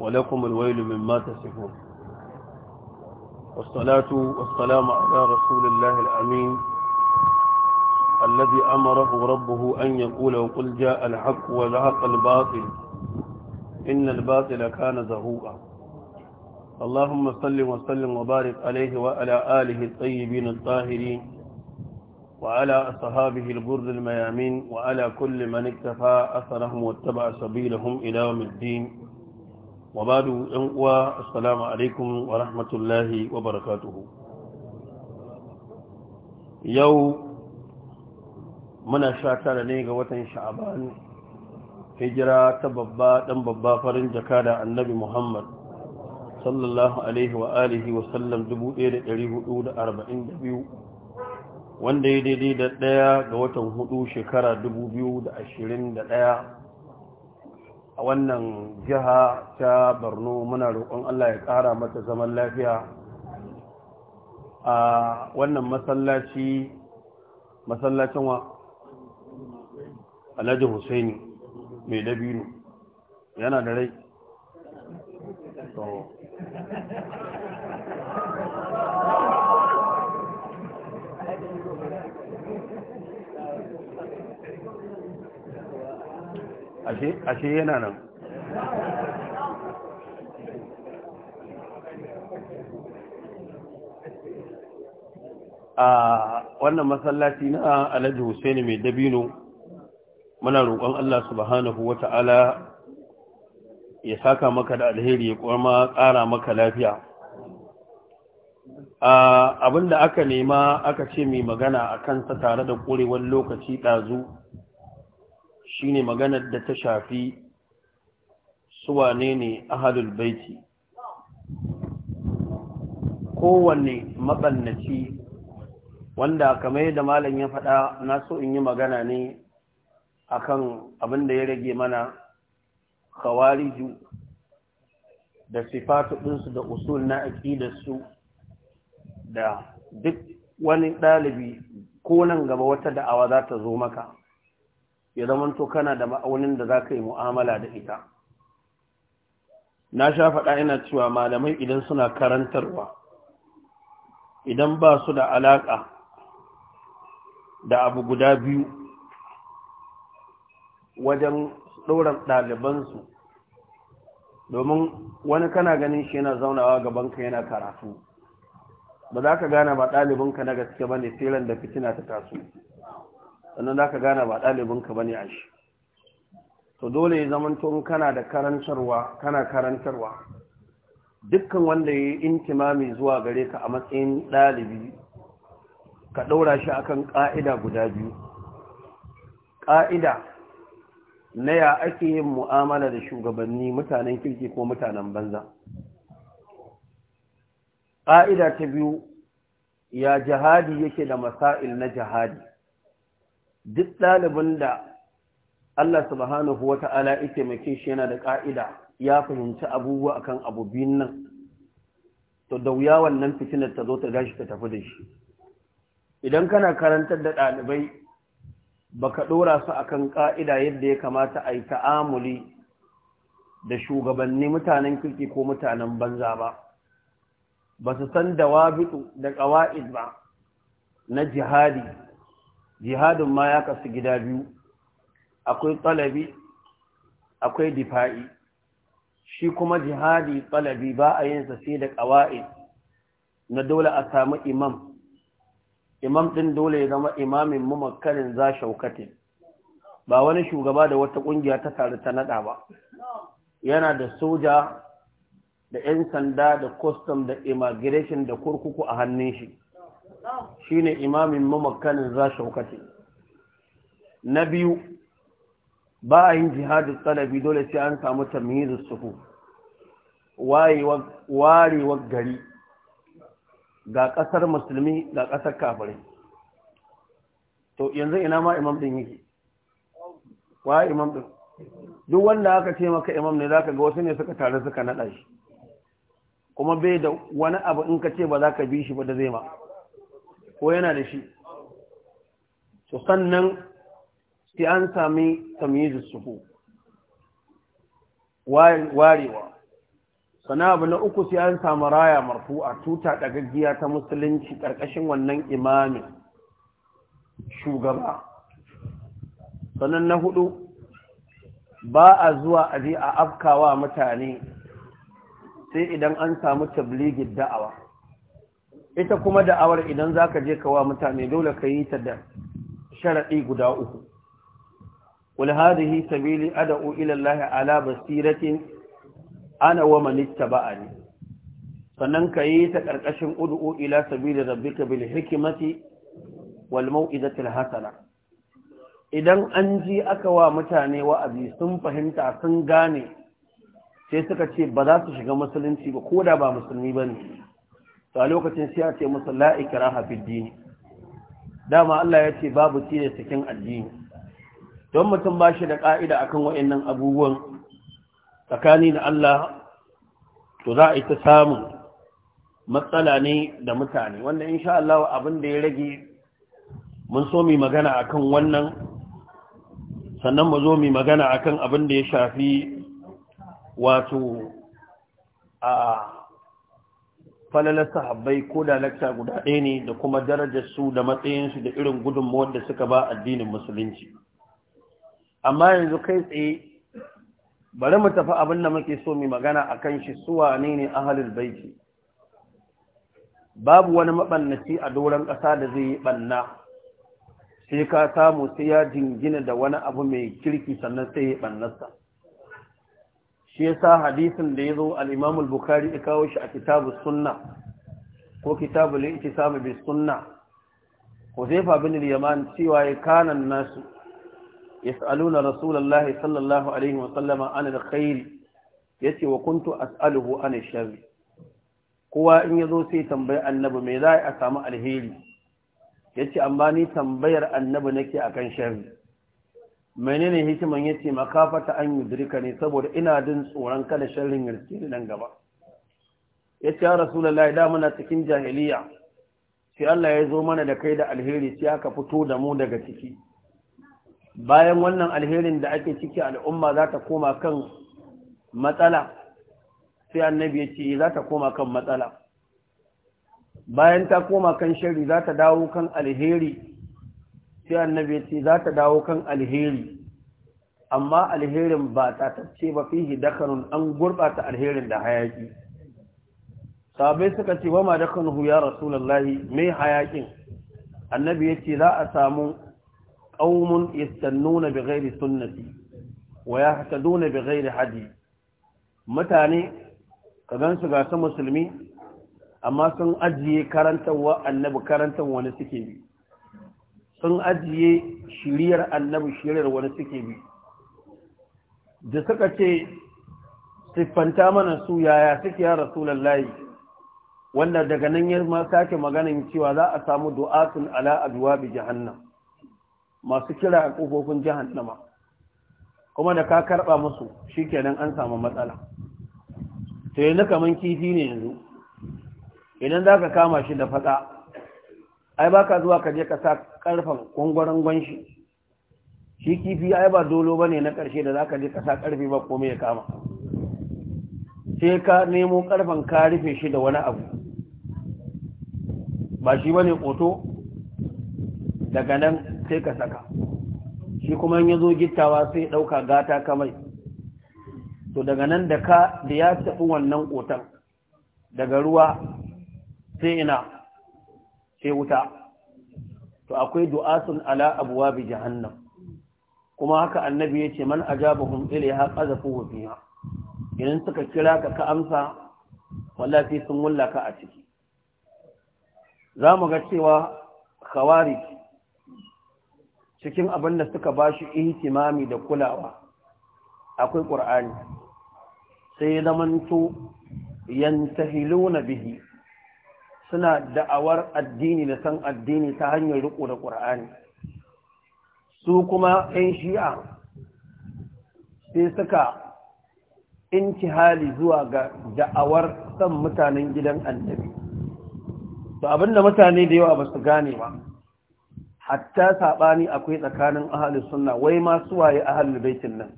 ولكم الويل مما تسفون والصلاة والسلام على رسول الله الأمين الذي أمره ربه أن يقول وقل جاء الحق وزهق الباطل إن الباطل كان زهوقا اللهم صل وسلم وبارك عليه وعلى آله الطيبين الطاهرين وعلى أصحابه البر الميامين وعلى كل من اكتفى أثرهم واتبع سبيلهم إلى يوم الدين wa badu yan uwa assalamu alaikum wa rahmatullahi wa barakatuhu yau muna sha tara ne ga watan sha'aban hijira ta babba dan babba farin jaka da annabi muhammad sallallahu alaihi wa alihi wa sallam 1442 wanda ya daidai da ɗaya ga watan hudu shekara 2021 a wannan jiha ta Barno, muna roƙon allah ya ƙara mata zaman lafiya a wannan masallaci masallacin wa alhaji husaini mai dabino yana da rai ashe yana nan a wannan masallaci na alhaji Hussaini mai dabino muna roƙon Allah subhanahu ta'ala ya saka maka da alheri ya kuma ƙara maka lafiya abinda aka nema aka ce mai magana a kansa tare da ƙurewar lokaci ɗazu shine maganar da ta shafi suwane ne ahalul baiti Kowane matsannaci wanda kamar yadda malam ya faɗa na so in yi magana ne akan abin da ya rage mana kawariju da sifatu ɗinsu da usul na su, da duk wani ɗalibi ko nan gaba wata da'awa za ta zo maka ya zamanto kana da ma'aunin da za ka yi mu'amala da ita na sha faɗa ina cewa malamai idan suna karantarwa idan ba su da alaƙa da abu guda biyu wajen ɗoran ɗalibansu domin wani kana ganin shi yana zaunawa ka yana karatu ba za ka gane ba ɗalibinka na gaske ba ne tseren da fitina ta taso sannan za ka gane ba ɗalibinka ba ne a shi to dole ya zamanto kana da karantarwa kana karantarwa dukkan wanda ya yi intimami zuwa gare ka a matsayin ɗalibi ka ɗaura shi akan ƙa'ida guda biyu ƙa'ida na ya ake yin mu'amala da shugabanni mutanen kirki ko mutanen banza ƙa'ida ta biyu ya jihadi yake da masail na jihadi duk ɗalibin da Allah subhanahu wa ta'ala ita mai shi yana da ƙa'ida ya fahimci abubuwa akan abu biyun nan to da wuya wannan fitinar ta zo ta gashi ta tafi da shi idan kana karantar da ɗalibai baka ɗora su akan ƙa'ida yadda ya kamata a yi ta'amuli da shugabanni mutanen kirki ko mutanen banza ba ba su san dawabitu da ƙawa'id ba na jihadi jihadin ma ya kasu gida biyu akwai tsalabi akwai difa'i shi kuma jihadi tsalabi ba a yin sai da ƙawa'i na dole a samu imam imam ɗin dole ya zama imamin mumakkarin za shaukatin ba wani shugaba da wata ƙungiya ta taru ta naɗa ba yana da soja da 'yan sanda da custom da immigration da kurkuku a hannun shi shine imamin mamakkanin za shaukati na biyu ba a yin jihadin tsanabi dole sai an samu tamhizin sufu warewar gari ga ƙasar musulmi ga ƙasar kafirai to yanzu ina ma imam din yake wa imam din duk wanda aka ce maka imam ne zaka ga wasu ne suka tare suka nada shi kuma bai da wani abu in ka ce ba za ka bi shi ba da zai ma ko yana da shi to sannan sai an sami su suhu warewa sana abu na uku sai an samu raya marfu a tuta dagaggiya ta musulunci ƙarƙashin wannan imamin shugaba sannan na hudu ba a zuwa je a afkawa mutane sai idan an samu tabligin da'awa ita kuma da'awar idan za ka je kawa mutane dole ka yi ta da sharaɗi guda uku wal hadhihi sabili ad'u ila ala basiratin ana wa ba'a ne. sannan ka yi ta ƙarƙashin ud'u ila sabili ka bil hikimati walmau, idatil hasana idan an ji aka wa mutane wa'azi sun fahimta sun gane sai suka ce ba za su shiga musulunci ba ko da ba musulmi ba ne. to a lokacin sai a ce musu la ikraha fid din dama Allah ya ce babu tilas cikin addini don mutum ba shi da ka'ida akan wayannan abubuwan tsakani da Allah to za a yi samun matsala ne da mutane wanda insha Allah abin da ya rage mun so mu magana akan wannan sannan mu zo mu magana akan abin da ya shafi wato a falalar sahabbai ko da lakta guda ɗaya ne da kuma darajar su da matsayinsu da irin gudunmuwar da suka ba addinin musulunci amma yanzu kai tsaye bari mu tafi abin da muke so mu magana a kan shi suwa ne ne halin baiki babu wani maɓannaci a doron ƙasa da zai yi ɓanna sai ka samu sai ya jingina da wani abu mai kirki sannan sai ya ɓannarsa shi yasa hadisin da yazo al-Imam al-Bukhari ya kawo shi a kitabu sunna ko kitabu al-ittisam bi sunna Huzaifa bin al-Yaman cewa ya kana nasu yas'aluna Rasulullahi sallallahu alaihi wa sallama an al-khair yace wa kuntu as'aluhu an ash-sharr kowa in yazo sai tambayi annabi me za a samu alheri yace amma ni tambayar annabi nake akan sharri menene hikiman yace makafata an yudrika ne saboda ina jin tsoron kada sharrin yarske da nan gaba yace ya rasulullahi da muna cikin jahiliya sai Allah ya zo mana da kai da alheri sai aka fito da mu daga ciki bayan wannan alherin da ake ciki al'umma za ta koma kan matsala sai annabi ya ce eh, za ta koma kan matsala bayan ta koma kan shari za ta dawo kan alheri sai annabi ya ce za ta dawo kan alheri amma alherin ba tatacce ba fihi dakarun an gurɓata alherin da hayaki sabai suka ce wa ma dakanuhu ya rasulullahi mai hayakin annabi ya ce za a samu qaumun yastannuna bi ghairi sunnati wa yahtaduna bi ghairi hadi mutane ka gansu ga su musulmi amma sun ajiye karantarwa annabi karantar wani suke bi sun ajiye shiriyar annabi shiriyar wani suke bi da suka ce siffanta mana su yaya suke ya rasulallahi wanda daga nan ya ma sake maganin cewa za a samu du'atun ala bi jahannan. masu kira a kofofin jahannama kuma da ka karɓa musu shikenan an samu matsala to yanzu kaman kifi ne yanzu idan za ka kama shi da faɗa ai ba ka zuwa ka je ka sa ƙarfen ƙwangwaren gwanshi shi kifi ai ba dolo ba ne na ƙarshe da za ka je ka sa ƙarfe ba komai ya kama sai ka nemo ƙarfen ka rufe shi da wani abu ba shi ba ne ƙoto daga nan sai ka saka shi kuma ya zo gittawa sai ɗauka gata kamai to daga nan da ka da ya tafi wannan ƙotan daga ruwa sai ina sai wuta to akwai du'asun ala wabi jahannam kuma haka annabi yace man ajabahum ilayha qazafuhu fiha idan suka kira ka ka amsa wallahi sun wullaka a ciki za mu ga cewa khawarij cikin abin da suka bashi ihtimami da kulawa akwai qur'ani sai zamanto yantahiluna bihi suna da'awar addini da san addini ta hanyar riko da ƙur'ani su kuma 'yan shi'a sai suka intihali zuwa ga da'awar san mutanen gidan annabi to abinda mutane da yawa ba su gane ba hatta saɓani akwai tsakanin ahalin sunna wai ma suwaye ahalin baitin nan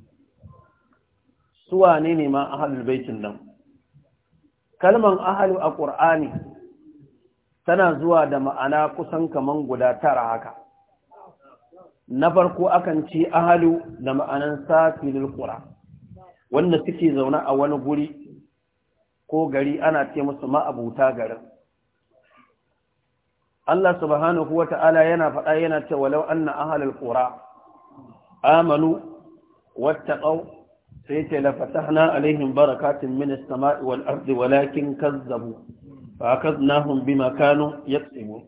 suwa ne ne ma ahalin baitin nan kalman ahalu a ƙur'ani tana zuwa da ma'ana kusan kaman guda tara haka na farko akan ce ahalu da ma'anan safilul kura. wanda suke zaune a wani guri ko gari ana ce musu ma'abuta garin Allah subhanahu wata'ala yana faɗa yana ce walau anna ahalul qura wata wattaqau sai ce la fatahna alaihim barakatun min as-sama'i wal ardi walakin kazzabu fa akadnahum bima kanu yaksibu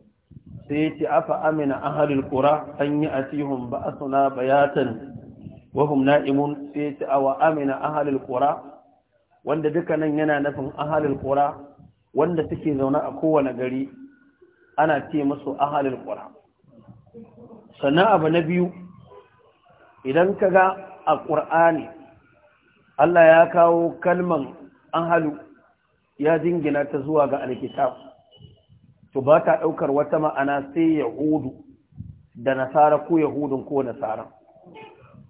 sai yace afa amina ahlul qura an yatihum ba'suna bayatan wa hum na'imun sai yace awa amina ahlul qura wanda nan yana nufin ahlul qura wanda suke zaune a kowane gari ana ce musu ahlul qura sannan abu na biyu idan ka ga a Allah ya kawo kalman ahalu ya jingina ta zuwa ga alkitab to ba ta ɗaukar wata ma'ana sai yahudu da nasara ko yahudun ko nasara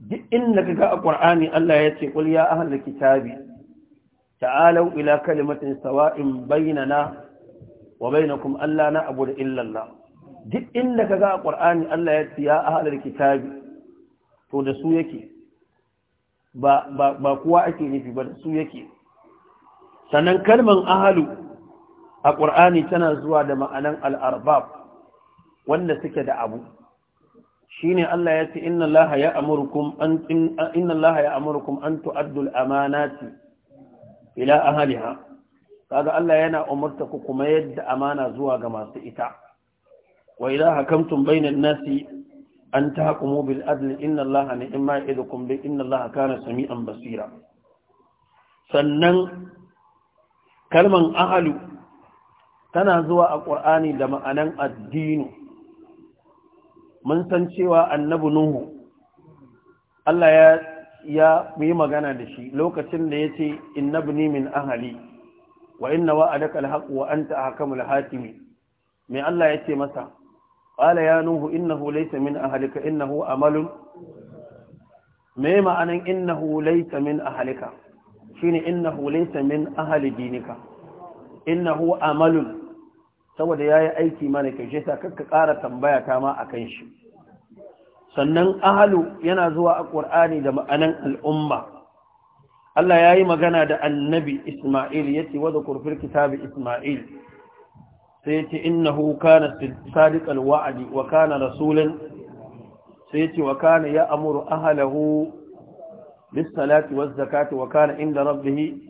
duk inda kaga a qur'ani Allah ya ce qul ya ahlul kitabi ta'alu ila kalimatin sawa'in bainana wa bainakum alla na'budu illa Allah duk inda kaga a qur'ani Allah ya ce ya ahlul kitabi to da su yake ba ba kowa ake nufi ba da su yake sannan kalman ahalu a ƙur'ani tana zuwa da ma'anan al'arbab wanda suke da abu shi ne Allah ya ce inna Allah ya amurkum an tu'addul amanati ila ahaliha kaga Allah yana umarta ku kuma yadda amana zuwa ga masu ita wa idza hakamtum bainan nasi an tahkumu bil adl inna Allah ni'ma ya'idukum bi inna Allah kana sami'an basira sannan kalman ahalu tana zuwa a ƙur'ani da ma'anan addinu mun san cewa annabi nuhu Allah ya ya yi magana da shi lokacin da ya ce innabni min ahali wa inna wa'adaka alhaq wa anta ahkamul hakimi me Allah ya ce masa qala ya nuhu innahu laysa min ahlika innahu amalun me ma'anan innahu laysa min ahlika shine innahu laysa min ahli dinika innahu amalun saboda yayi aiki mana kyau ta kakka ƙara tambaya ta ma akan shi sannan ahlu yana zuwa a Qur'ani da ma'anan al'umma Allah yayi magana da annabi Isma'il yace wa zakur fil kitabi Isma'il sai yace innahu kana sadiqal wa'di wa kana rasulan sai yace wa kana ya'muru ahlahu bisalati wa zakati wa kana inda rabbihi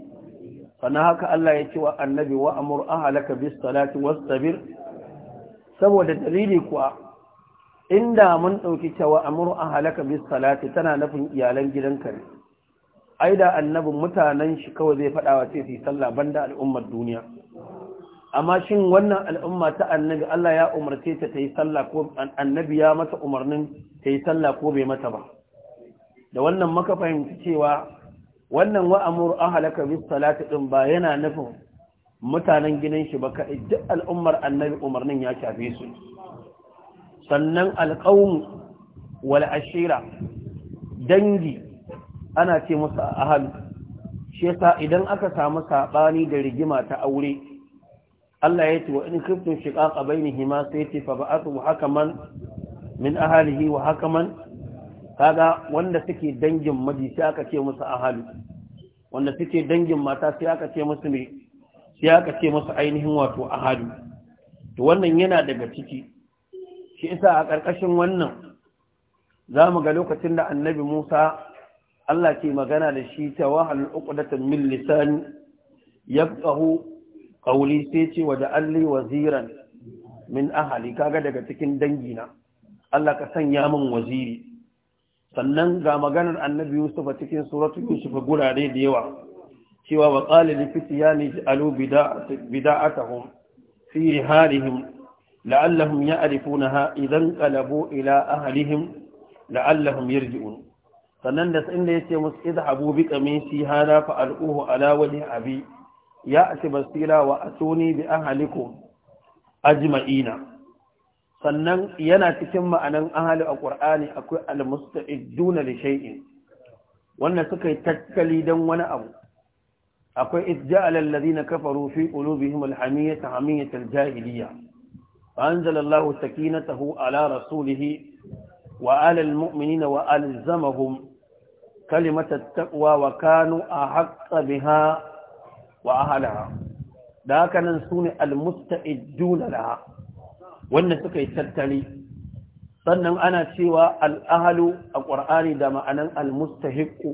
fana haka Allah ya ce wa annabi wa amur ahalaka bisalati wa sabir saboda dalili kuwa inda mun ɗauki cewa amur ahalaka bisalati tana nufin iyalan gidanka ne ai da annabin mutanen shi kawai zai fada wa sai su yi sallah banda al'ummar duniya amma shin wannan al'umma ta annabi Allah ya umarce ta ta ya mata umarnin ta yi sallah ko bai mata ba da wannan maka fahimci cewa wannan wa'amuru an halaka bis salati ba yana nufin mutanen ginin shi ba kaɗai duk al'ummar annabi umarnin ya shafe su sannan alƙawun wal ashira dangi ana ce musu ahal shi yasa idan aka samu saɓani da rigima ta aure Allah ya ce wa in kiftun shiqaqa bainihima sai ce fa ba'athu hakaman min ahalihi wa hakaman kaga wanda suke dangin maji sai aka ce musu ahalu wanda suke dangin mata sai aka ce musu ne sai aka ce musu ainihin wato ahalu to wannan yana daga ciki shi isa a ƙarƙashin wannan za mu ga lokacin da annabi Musa Allah ke magana da shi ta wahal uqdatan min lisan yafqahu qawli sai ce wa da'alli waziran min ahli kaga daga cikin dangina Allah ka sanya min waziri sannan ga maganar annabi yusuf a cikin suratu yusuf gurare da yawa cewa wa qala li fityani ja'alu bida'atahum fi rihalihim la'allahum ya'rifunaha idan qalabu ila ahlihim la'allahum yarji'un sannan da inda yace musu idhabu bi qamisi hada fa alquhu ala wajhi abi ya'ti basira wa atuni bi ahlikum ajma'ina sannan yana cikin ma'anan ahali a ƙur'ani akwai almusta'iduna da shay'in wanda suka yi tattali don wani abu akwai idja'al alladhina kafaru fi qulubihim alhamiyata hamiyata aljahiliya fa anzalallahu sakinatahu ala rasulihi wa ala na wa alzamahum kalimata taqwa wa kanu ahqqa biha wa ahliha da haka nan sune almusta'iduna laha wanda suka yi tattali sannan ana cewa al'ahalu a ƙwar’ari da ma'anan al-mustahiqu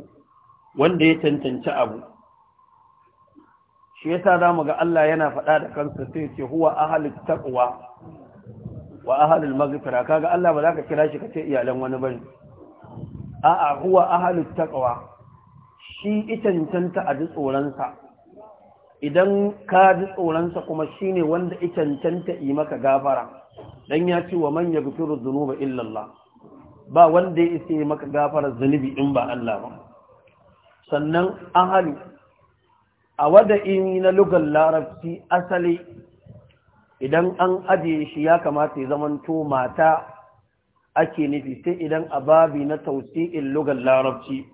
wanda ya tantance abu shi yasa mu ga Allah yana faɗa da kansa sai ce huwa ahalin taqwa wa ahalul maghfira kaga Allah ba za ka kira shi ka ce iyalan wani bane a'a huwa ahalin taqwa shi itantanta a ji tsoronsa idan ka ji tsoronsa kuma shi ne wanda itantanta yi maka gafara dan ya ce wa man yaghfiru dhunuba illallah, ba wanda ya isa maka gafarar zunubi in ba Allah ba sannan ahali. a wada'ini na lugar larabci asali idan an ajiye shi ya kamata ya zamanto mata ake nufi sai idan a babi na tausi'in lugar larabci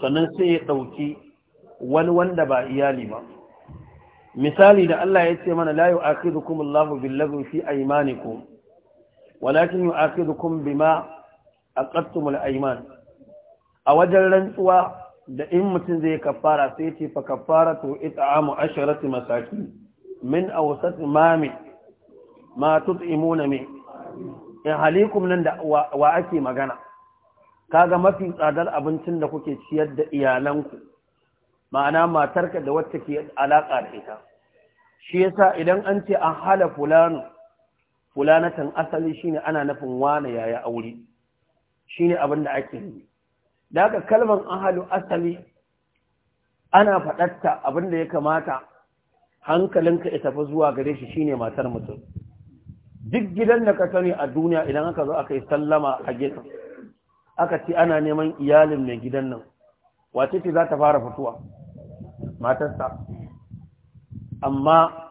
sannan sai ya ɗauki wani wanda ba iyali ba misali da Allah ya ce mana layu akidukum Allahu billahi fi aymanikum walakin yi akidukum bima a ƙattumul aiman a wajen rantsuwa da in mutum zai kafara sai ce fa kafara to ita amu asharati masaki min a mami ma tut'imuna me in halikum nan da wa ake magana kaga mafi tsadar abincin da kuke ciyar da iyalanku ma'ana matarka da wacce ke alaƙa da ita shi yasa idan an ce an hala fulanu fulanatan asali shine ana nufin wane yaya aure shine abin da ake yi da haka kalman ahalu asali ana faɗatta abin da ya kamata hankalinka ya tafi zuwa gare shi shine matar mutum duk gidan da ka sani a duniya idan aka zo aka yi sallama a gidan aka ce ana neman iyalin mai gidan nan wace ce za ta fara fituwa matarsa amma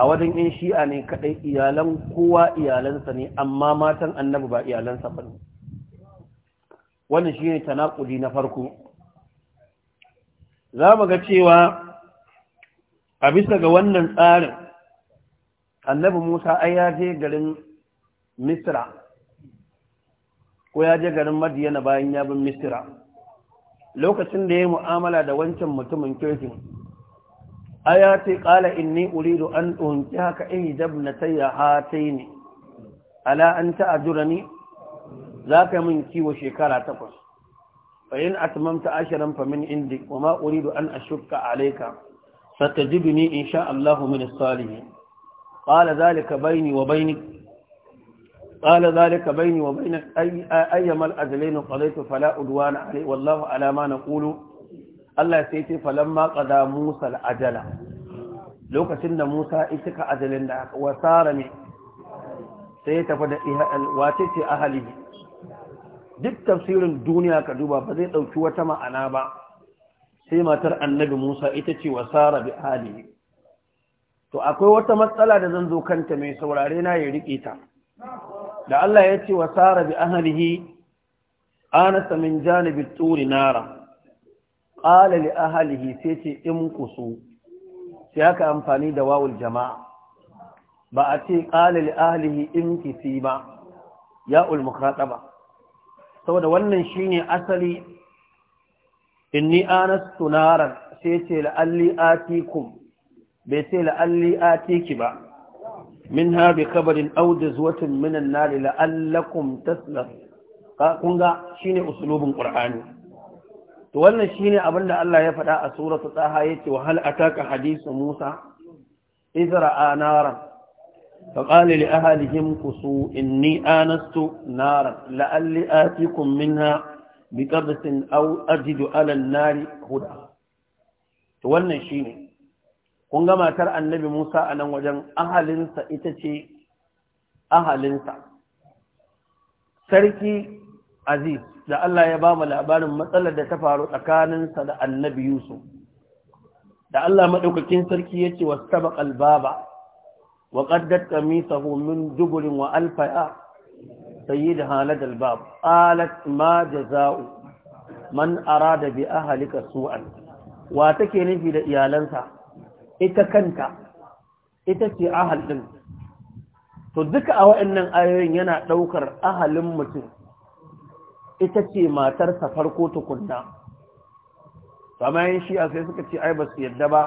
a wajen yan shi'a ne kaɗai iyalan kowa iyalansa ne amma matan annabi ba iyalansa ba ne wannan shi ne tanakuli na farko za mu ga cewa a bisa ga wannan tsarin annabi musa ai ya je garin Misira. ko ya je garin madiyana bayan ya bin Misira. lokacin da ya yi mu'amala da wancan mutumin kirkin Aya ayati qala inni uridu an haka unkihaka ihdabnatayya hataini ala an ni, za ka min kiwo shekara takwas fa in atmamta ashran fa min indi kuma ma uridu an ashukka alayka satajiduni insha Allah min as-salihin qala dhalika bayni wa baynik Ƙala zalika baini wa baynak ayyama al-ajlayn qadaytu fala udwana alayhi wallahu alama na Kulu. Allah sai ce Falon qada Musa al lokacin da Musa ita cika ajalin da aka wasara ne sai ya tafi da wace ce ahali duk tafsirin duniya ka duba ba zai ɗauki wata ma'ana ba sai matar annabi Musa ita ce wasara bi ahali to akwai wata matsala da zan zo kanta mai saurare na ya rike ta da Allah ya ce wasara bi ahlihi anasa min janibi turi nara ƙala li ahalihi sai ce in kusu sai aka amfani da wawul jama'a ba a ce ƙala li ahalihi in kisi ba ya ulmukata ba saboda wannan shine asali inni anas tunarar sai ce la'alli atikum bai ce la'alli atiki ba min ha bi kabarin auda zuwatin minan nari la'allakum taslas Kunga shi shine usulubin qur'ani to wannan shine abin da Allah ya faɗa a suratul taha yace wa hal ataka hadisu musa izra'a naran فقال لأهلهم قصوا إني آنست نارا لعلي آتيكم aw ajidu 'ala an-nari huda To wannan shine kun ga matar annabi Musa a nan wajen ahalinsa ita ce ahalinsa sarki aziz da Allah ya ba mu labarin matsalar da ta faru tsakaninsa da annabi yusuf da Allah maɗaukakin sarki ya ce wasu taɓa ƙalbaba wa ƙaddar ƙamisahu min duburin wa alfaya yi da halar albab alat ma jaza'u man arada bi ahalika su'an wa take nufi da iyalansa ita kanta ita ce ahal ɗin to duka a waɗannan ayoyin yana ɗaukar ahalin mutum ita ce matarsa farko tukunna samayin shi sai suka ce ai ba su yadda ba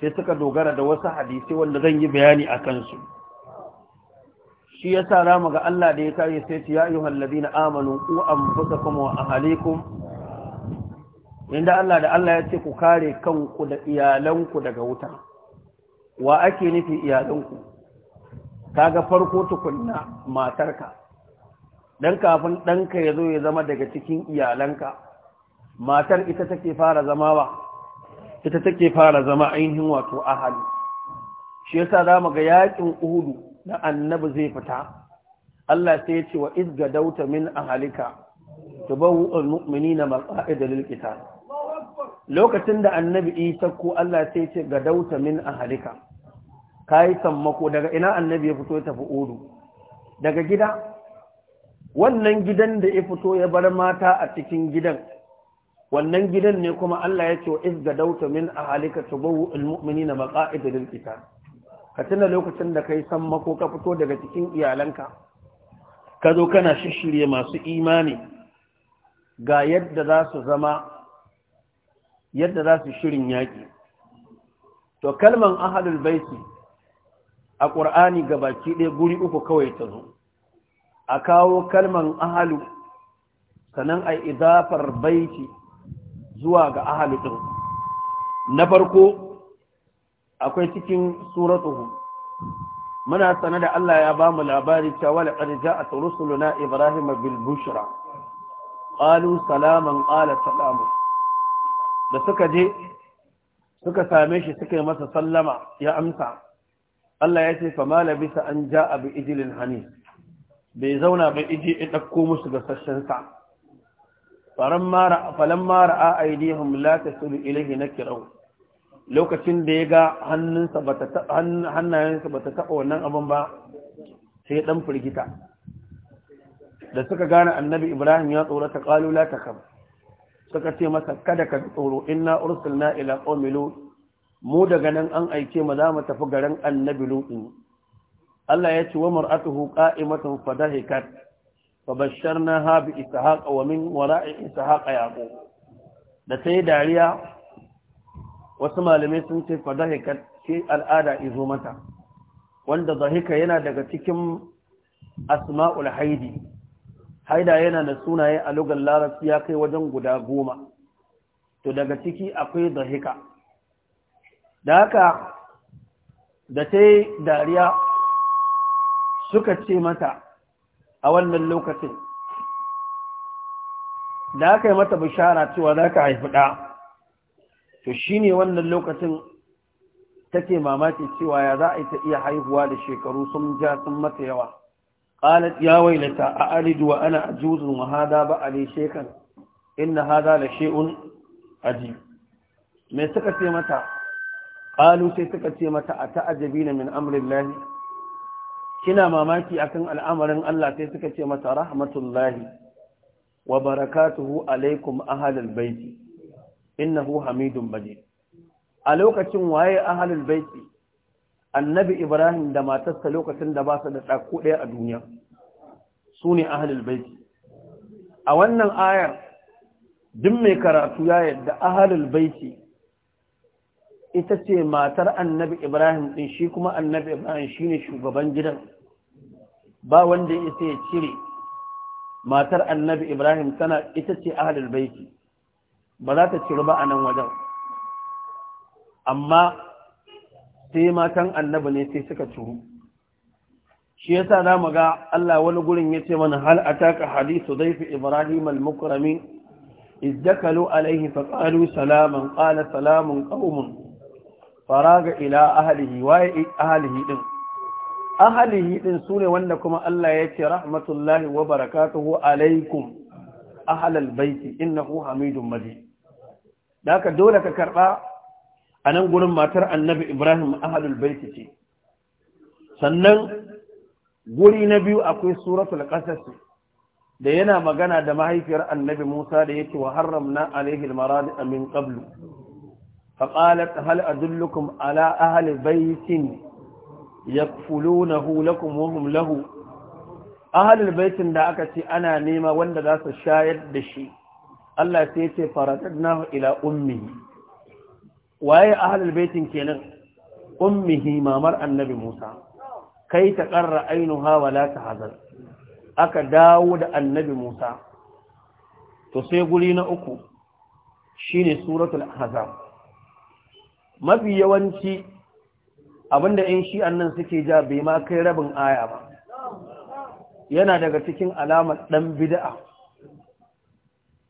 sai suka dogara da wasu hadisi wanda zan yi bayani a kansu shi ya sa ramu ga Allah da ya kare sai ce ya yi hallabi na amanin ku an fusa kuma a halikun inda Allah da Allah ya ce ku kare kanku da iyalanku daga wuta wa ake nufi iyalanku kaga farko tukunna matarka dan kafin ɗanka ya zo ya zama daga cikin iyalanka matar ita take fara zama wa ita take fara zama ainihin wato ahali shi yasa za mu ga yakin uhudu na annabi zai fita Allah sai ya ce wa izga dauta min ahalika tubawu al-mu'minina maqa'ida lil qital lokacin da annabi isa ko Allah sai ya ce gadauta min ahalika kai sammako daga ina annabi ya fito ya tafi uhudu daga gida wannan gidan da ya fito ya bar mata a cikin gidan wannan gidan ne kuma Allah ya ce wa izga dauta min ahalika tubawu na maqa'id lil ka tuna lokacin da kai san mako ka fito daga cikin iyalanka ka zo kana shishirye masu imani ga yadda za su zama yadda za su shirin yaki to kalman ahalul baiti a ƙur'ani gabaki ɗaya guri uku kawai ta zo a kawo kalman ahalu sanan a idafar baiti zuwa ga ahalu ɗin na farko akwai cikin suratuhu muna sana da Allah ya ba mu labari cewa a ja'a rusuluna ibrahim bil bushra qalu salaman qala salamu da suka je suka same shi suka masa sallama ya amsa Allah ya ce fa ma labisa an ja bi ijlin hanis bai zauna bai iji ya ɗauko musu ga sashensa falon mara a aidihun lati sulu ilahi na kirau lokacin da ya ga hannayensa ba ta taɓa wannan abin ba sai ɗan firgita da suka gane annabi ibrahim ya tsorata ta ta kam suka ce masa kada ka tsoro inna ursulna ila qawmi mu daga nan an aike ma za mu tafi garin annabi lutin Allah ya ce wa mar'atuhu qa'imatan fadahikat fabashsharnaha bi ishaq wa min wara'i ishaq yaqub da sai dariya wasu malamai sun ce fadahikat shi al'ada izo mata wanda zahika yana daga cikin asma'ul haidi haida yana da sunaye a lugar larabci ya kai wajen guda goma to daga ciki akwai zahika da haka da sai dariya suka ce mata a wannan lokacin da aka mata bishara cewa za ka haifi ɗa to shi ne wannan lokacin take mamaki cewa ya za a yi ta iya haihuwa da shekaru sun ja sun mata yawa ƙalat ya wailata a aliduwa ana ajuzun wa hada ba a leshekan inna hada da she'un aji mai suka ce mata ƙalu sai suka ce mata a ta ajabi na min amurin lahi kina mamaki akan al'amarin Allah sai suka ce masa rahmatullahi wa barakatuhu alaikum ahlul baiti innahu hamidun majid a lokacin waye ahlul baiti annabi Ibrahim da matarsa lokacin da ba su da ɗako ɗaya a duniya su ne ahlul baiti a wannan ayar duk mai karatu ya yadda ahalul baiti ita ce matar annabi ibrahim ɗin shi kuma annabi ibrahim shi ne shugaban gidan ba wanda ya ce cire matar annabi ibrahim tana ita ce ahalul baiti ba za ta ciri ba a nan wajen amma sai matan annabi ne sai suka curu shi yasa za mu ga Allah wani gurin ya ce mana hal taka hadisu fi ibrahim al-mukrami izdakalu alaihi faqalu salaman Ƙala salamun qaumun faraga ila ahlihi waye ahlihi din ahlihi din sune wanda kuma Allah ya ce rahmatullahi wa barakatuhu alaikum ahlal baiti innahu hamidum majid daka dole ka karba anan gurin matar annabi Ibrahim ahlul baiti ce sannan guri na biyu akwai suratul qasas da yana magana da mahaifiyar annabi Musa da yake wa harramna alaihi almarad min qablu فقالت هل أدلكم على أهل بيت يكفلونه لكم وهم له أهل البيت دا أكتي أنا نيمة وند ذات الشايد دشي الله تيتي فرددناه إلى أمه وأي أهل البيت كينا أمه ما مر النبي موسى كي تقر عينها ولا تحزن أكا داود النبي موسى تسيقلين أكو شين سورة الأحزاب mafi yawanci abinda in shi annan suke ja bai ma kai rabin aya ba yana daga cikin alamar ɗan bid'a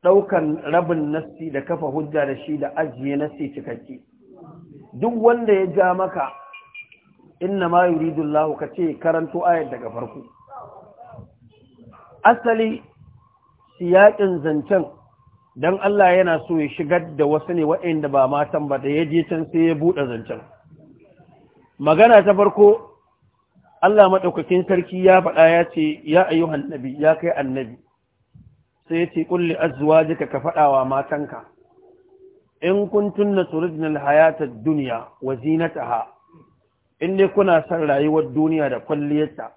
ɗaukan rabin nassi da kafa hujja da shi da ajiye nassi cikakke duk wanda ya ja maka inna ma yuridu Allah ka ce karanto ayar daga farko asali siyakin zancen dan Allah yana so ya shigar da wasu ne waɗanda ba matan ba da ya je can sai ya buɗe zancen magana ta farko Allah maɗaukakin sarki ya faɗa ya ce ya ayyuhan nabi ya kai annabi sai ya ce kulli azwajika ka faɗa wa matanka in kuntunna turidna alhayata ad-dunya wa zinataha in dai kuna son rayuwar duniya da kwalliyarta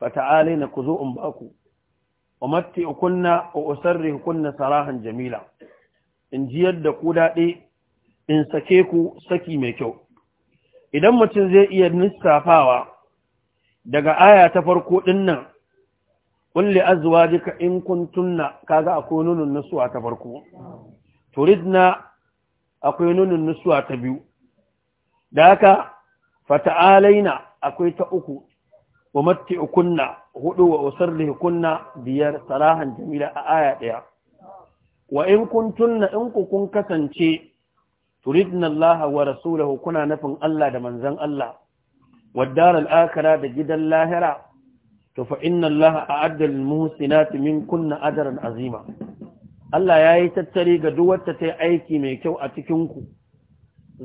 alaina ku zo in ku. umatti kunna wa usarri kunna sarahan jamila in ji yadda ku daɗe in sake ku saki mai kyau idan mutum zai iya nissafawa daga aya ta farko dinnan kulli azwajika in kuntunna kaga akwai nunun nasuwa ta farko turidna akwai nunin nasuwa ta biyu da haka fata'alaina akwai ta uku wa kunna huɗu wa usarrihukunna biyar salahan jamila a aya ɗaya. wa in kuntunna in ku kun kasance turidna Allah wa rasulahu kuna nufin Allah da manzon Allah والدار الآخرة بجد اللاهرة فإن الله أعد المحسنات من كن أجرا عظيما الله mai kyau قدوة تتي أيكي ميكو أتكنكو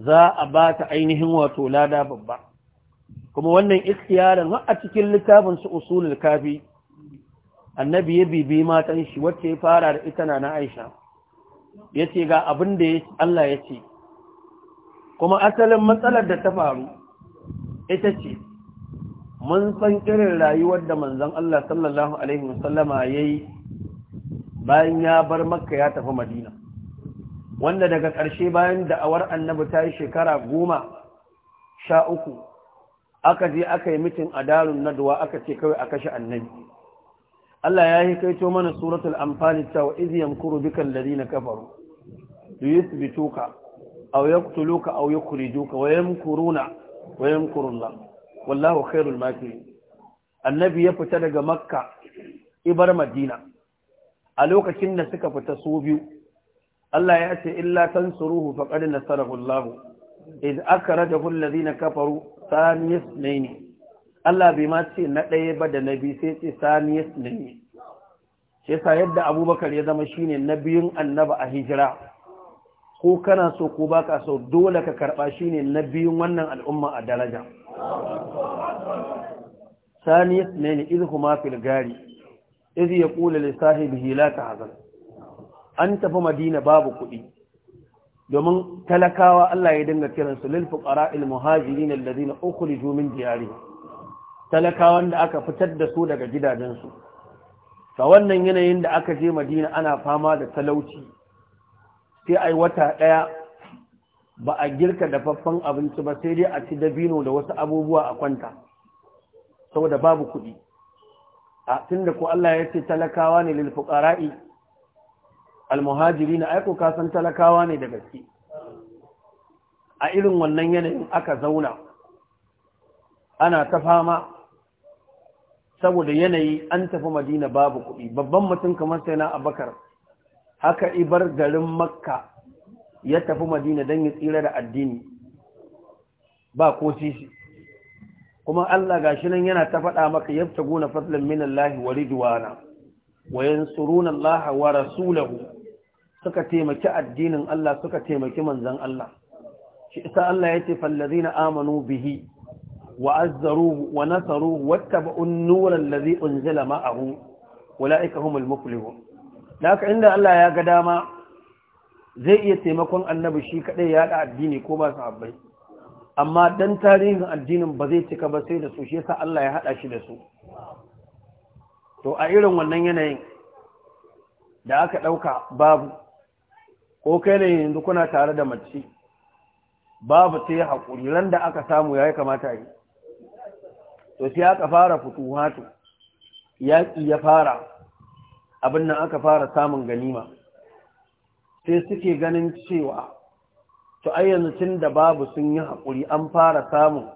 ذا أبات عينهم وتولادا babba. kuma wannan ikhtiyarin har a cikin littafin su usulul kafi annabi ya bibi matan shi wacce ya fara da ita na Aisha yace ga abin da Allah ya ce kuma asalin matsalar da ta faru ita ce mun san irin rayuwar da manzon Allah sallallahu alaihi wasallama yayi bayan ya bar Makka ya tafi Madina wanda daga ƙarshe bayan da'awar annabi ta yi shekara goma sha uku aka je aka yi mitin a darun nadwa aka ce kawai a kashe annabi Allah ya yi kaito mana suratul amfani ta wa iz yamkuru bika alladhina kafaru liyuthbituka aw yaqtuluka aw yukhrijuka wa yamkuruna wa yamkuru Allah wallahu khairul annabi ya fita daga makka ibar madina a lokacin da suka fita su biyu Allah ya ce illa tansuruhu faqad nasarahu Allah iz akhrajahu alladhina kafaru saniyas ne ne? Allah bai ma ce na ɗaya ba da na biyu sai ce saniyas ne ne. shi yasa yadda abubakar ya zama shine na biyun annaba a hijira ko kana so ko ba ka so dole ka karɓa shi ne na biyun wannan al'umma a daraja saniyas ne iz kuma fil gari iz yaqulu li bihila la tahzan an tafi madina babu kuɗi domin talakawa Allah ya dinga kiran su lil fuqara al muhajirin alladhina ukhriju min diyarihim talakawan da aka fitar da su daga gidajensu fa wannan yanayin da aka je Madina ana fama da talauci sai ai wata daya ba a girka dafaffen abinci ba sai dai a ci dabino da wasu abubuwa a kwanta saboda babu kuɗi a tunda ko Allah ya ce talakawa ne lil fuqara'i almuhajiri na aiko kasan talakawa ne da gaske a irin wannan yanayin aka zauna ana ta fama saboda yanayi an tafi madina babu kuɗi babban mutum kamar sai na abakar haka ibar garin makka ya tafi madina don ya tsira da addini ba ko sisi kuma Allah gashi nan yana ta faɗa maka yabtaguna fadlan minallahi wa ridwana wa yansuruna Allah wa rasulahu suka taimaki addinin Allah suka taimaki manzan Allah shi isa Allah ya ce fallazina amanu bihi wa azzaruhu wa nasaruhu wattaba'u an-nura allazi unzila ma'ahu ulaika humul muflihun haka inda Allah ya ga dama zai iya taimakon annabi shi kadai ya da addini ko ba sahabbai amma dan tarihin addinin ba zai cika ba sai da su shi yasa Allah ya hada shi da su to a irin wannan yanayin da aka dauka babu ko kai ne yanzu kuna tare da mace babu sai haƙuri ran da aka samu ya kamata yi to sai aka fara fituhatu yaƙi ya fara abin nan aka fara samun ganima sai suke ganin cewa to ai yanzu tun da babu sun yi haƙuri an fara samun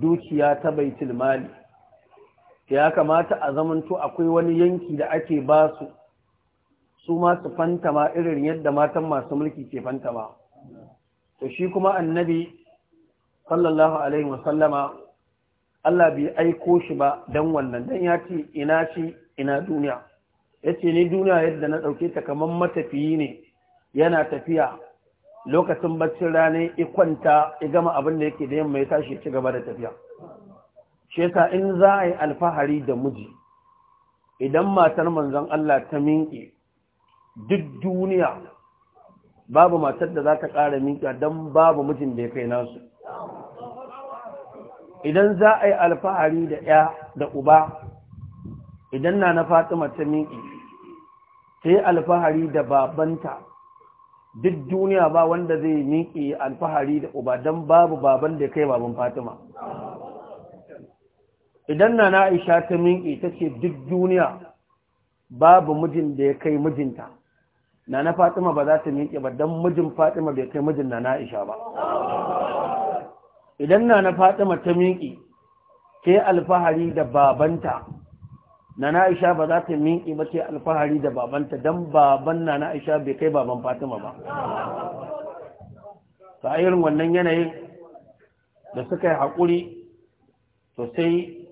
dukiya ta baitul mali ya kamata a zamanto akwai wani yanki da ake ba su su ma su fantama irin yadda matan masu mulki ke fantama to shi kuma annabi sallallahu alaihi wasallama Allah bai aiko shi ba dan wannan dan ya ce ina ce ina duniya yace ni duniya yadda na dauke ta kaman matafiyi ne yana tafiya lokacin baccin rana ya kwanta ya gama abin da yake da yamma ya tashi ya ci gaba da tafiya shi in za a yi alfahari da miji idan matar manzon Allah ta minke duk duniya babu matar da za ta ƙara miƙa don babu mutum da ya kai nasu idan za a yi alfahari da ya da uba idan na na fatima ta miƙi ta yi alfahari da babanta duk duniya ba wanda zai miƙi alfahari da uba don babu baban da ya kai baban fatima idan na na aisha ta miƙi ta ce duk duniya babu mijin da ya kai mijinta nana fatima ba za ta miƙe ba don mijin fatima bai kai mijin na Aisha ba idan nana fatima ta miƙe ke alfahari da babanta na Aisha ba za ta miƙe ba ke alfahari da babanta don baban na Aisha bai kai baban fatima ba a irin wannan yanayin da suka yi haƙuri sosai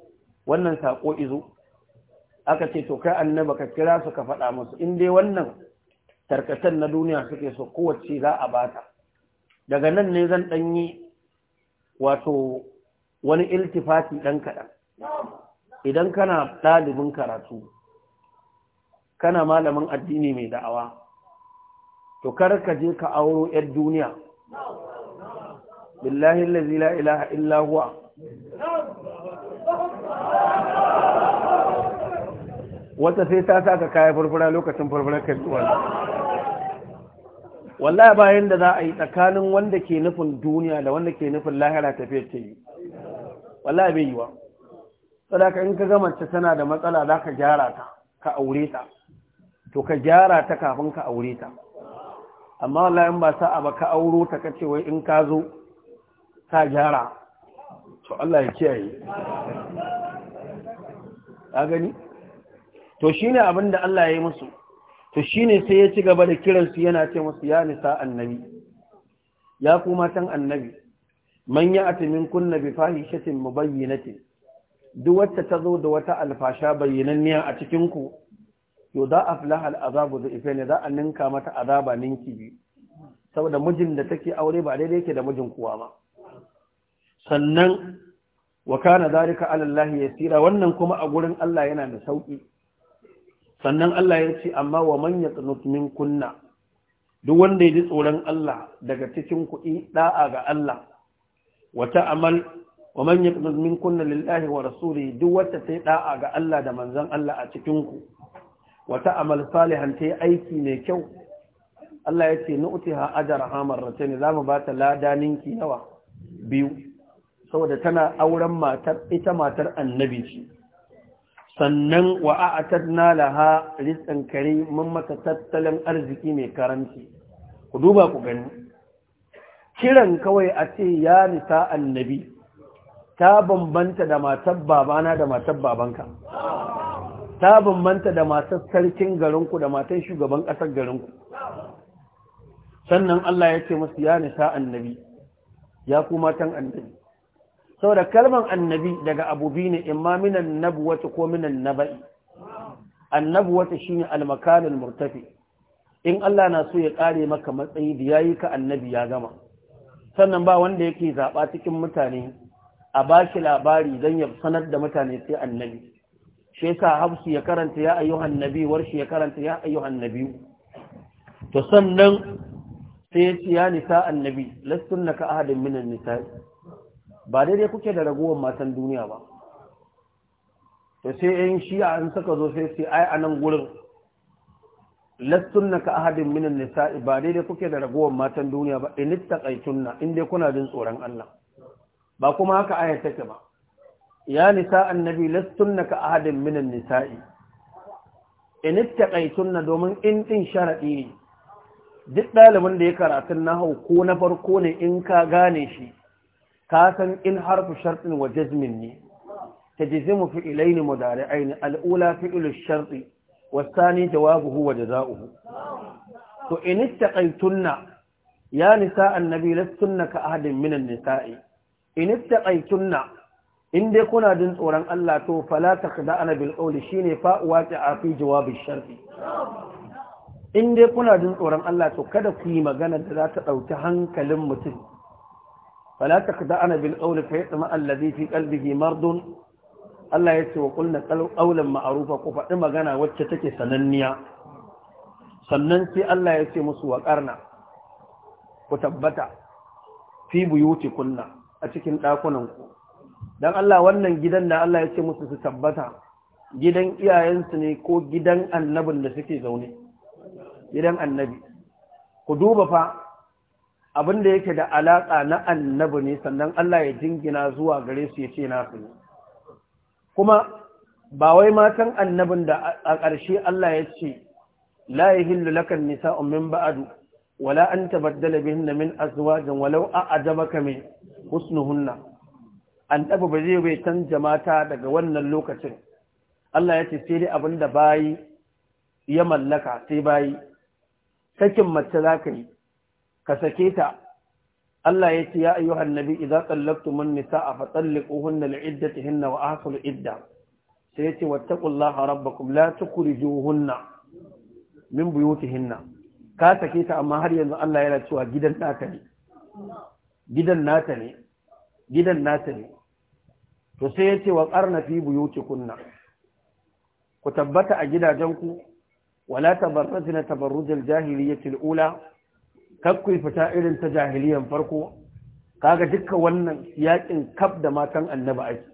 wannan saƙo izo aka ce to kai annaba ka kira su ka faɗa musu in dai wannan tarkatan na duniya suke so kowace za a bata daga nan ne zan ɗanyi wato wani iltifati dan kaɗan idan kana ɗalibin karatu kana malamin addini mai da'awa to kar ka je ka auro 'yar duniya billahi la ilaha illa huwa wata sai ta saka kaya furfura lokacin furfurar kasuwar wallahi bayan da za a yi tsakanin wanda ke nufin duniya da wanda ke nufin lahira tafiyar ta yi wallahi bai yi wa sadaka in ka gama ta tana da matsala za ka gyara ta ka aure ta to ka gyara ta kafin ka aure ta amma wallahi in ba sa ba ka auro ta kace wai in ka zo ka gyara to Allah ya kiyaye ka gani to shi ne abin da Allah ya yi musu to shi ne sai ya ci gaba da kiransu yana ce musu ya nisa annabi ya kuma matan annabi Manya a atimin kunna bi fahishatin mubayyinatin duk wacce ta zo da wata alfasha bayyananniya a cikinku, to za a fila al'azabu da ife ne za a ninka mata azaba ninki bi saboda mijin da take aure ba daidai yake da mijin kuwa ba sannan wa kana zalika ala Allah yasira wannan kuma a gurin Allah yana da sauki sannan Allah ya ce amma wa man yaqnut min kunna duk wanda ya ji tsoron Allah daga cikin kuɗi da'a ga Allah wa ta'amal wa man yaqnut min kunna lillahi wa rasuli duk wata sai da'a ga Allah da manzon Allah a cikin ku wa ta'amal salihan tayi aiki mai kyau Allah ya ce nu'tiha ajraha za zamu bata ladanin ki nawa biyu saboda tana auren matar ita matar annabi ce sannan wa na laha rizqan kare mun tattalin arziki mai karanci ku duba ku gani kiran kawai a ce ya nisa annabi ta bambanta da matar babana da matar babanka ta bambanta da matar sarkin garinku da matan shugaban ƙasar garinku sannan Allah ya ce musu ya nisa annabi ya kuma tan annabi saboda kalmar annabi daga abubi ne imma minan nabuwata ko minan naba'i annabuwata shine almakalul murtafi in Allah na so ya kare maka matsayi da yayi ka annabi ya gama sannan ba wanda yake zaɓa cikin mutane a bashi labari dan ya sanar da mutane sai annabi shi yasa hafsu ya karanta ya annabi, war warshi ya karanta ya ayyuhan annabi to sannan sai ya ci ya nisa annabi lastunna ka ahadin minan nisa'i ba daidai kuke da ragowar matan duniya ba to sai yan shi'a an saka zo sai sai ai anan gurin lassunna ka ahadin minan nisa'i ba daidai kuke da ragowar matan duniya ba in ittaqaitunna in dai kuna jin tsoron Allah ba kuma haka ayat take ba ya nisa annabi lassunna ka ahadin minan nisa'i in domin in din sharadi ne duk ɗalibin da ya karatun hau ko na farko ne in ka gane shi kasan in harfu shartin wa jazmin ne ta jizimu fi ilaini mudari aini al’ula fi ilus sharti wasani jawabuhu wa jaza'uhu to inista kaitunna ya nisa annabi lassunna ka ahadin minan nisa'i inista kaitunna in dai kuna jin tsoron Allah to fala ta kada ana bil shine fa waqi a fi jawabi sharti in dai kuna jin tsoron Allah to kada ku yi magana da za ta dauki hankalin mutum فلا تخدعن بالقول فيطمع الذي في قلبه مرض Allah ya ce wa kulna ƙaunar ma'arufa ku faɗi magana wacce take sananniya sannan sai Allah ya ce musu wa ƙarna ku tabbata fi buyuti kunna a cikin ɗakunanku don Allah wannan gidan da Allah ya ce musu su tabbata gidan iyayensu ne ko gidan annabin da suke zaune gidan annabi ku duba fa abin da yake da alaƙa na annabi ne sannan Allah ya jingina zuwa gare su ya ce nasu ne kuma ba wai matan annabin da a ƙarshe Allah ya ce la yahillu lakan nisa'un min ba'du wala an tabaddala bihinna min azwajin walau a'jabaka min husnuhunna annabi ba zai bai canja mata daga wannan lokacin Allah ya ce sai dai abin da bayi ya mallaka sai bayi sakin mace za ka yi ka sake ta Allah ya ce ya ayyuhan nabi idza tallaqtumun nisaa fa talliquhunna li'iddatihinna wa ahsul idda sai ya ce wattaqullaha rabbakum la tukhrijuhunna min buyutihinna ka sake ta amma har yanzu Allah yana cewa gidan naka ne gidan nata ne gidan nata ne to sai ya ce wa ƙarna fi buyutikunna ku tabbata a gidajen ku? wala tabarrajna tabarrujal jahiliyyati al-ula kakku fita irin ta jahiliyan farko kaga dukkan wannan yakin kaf da matan annaba ake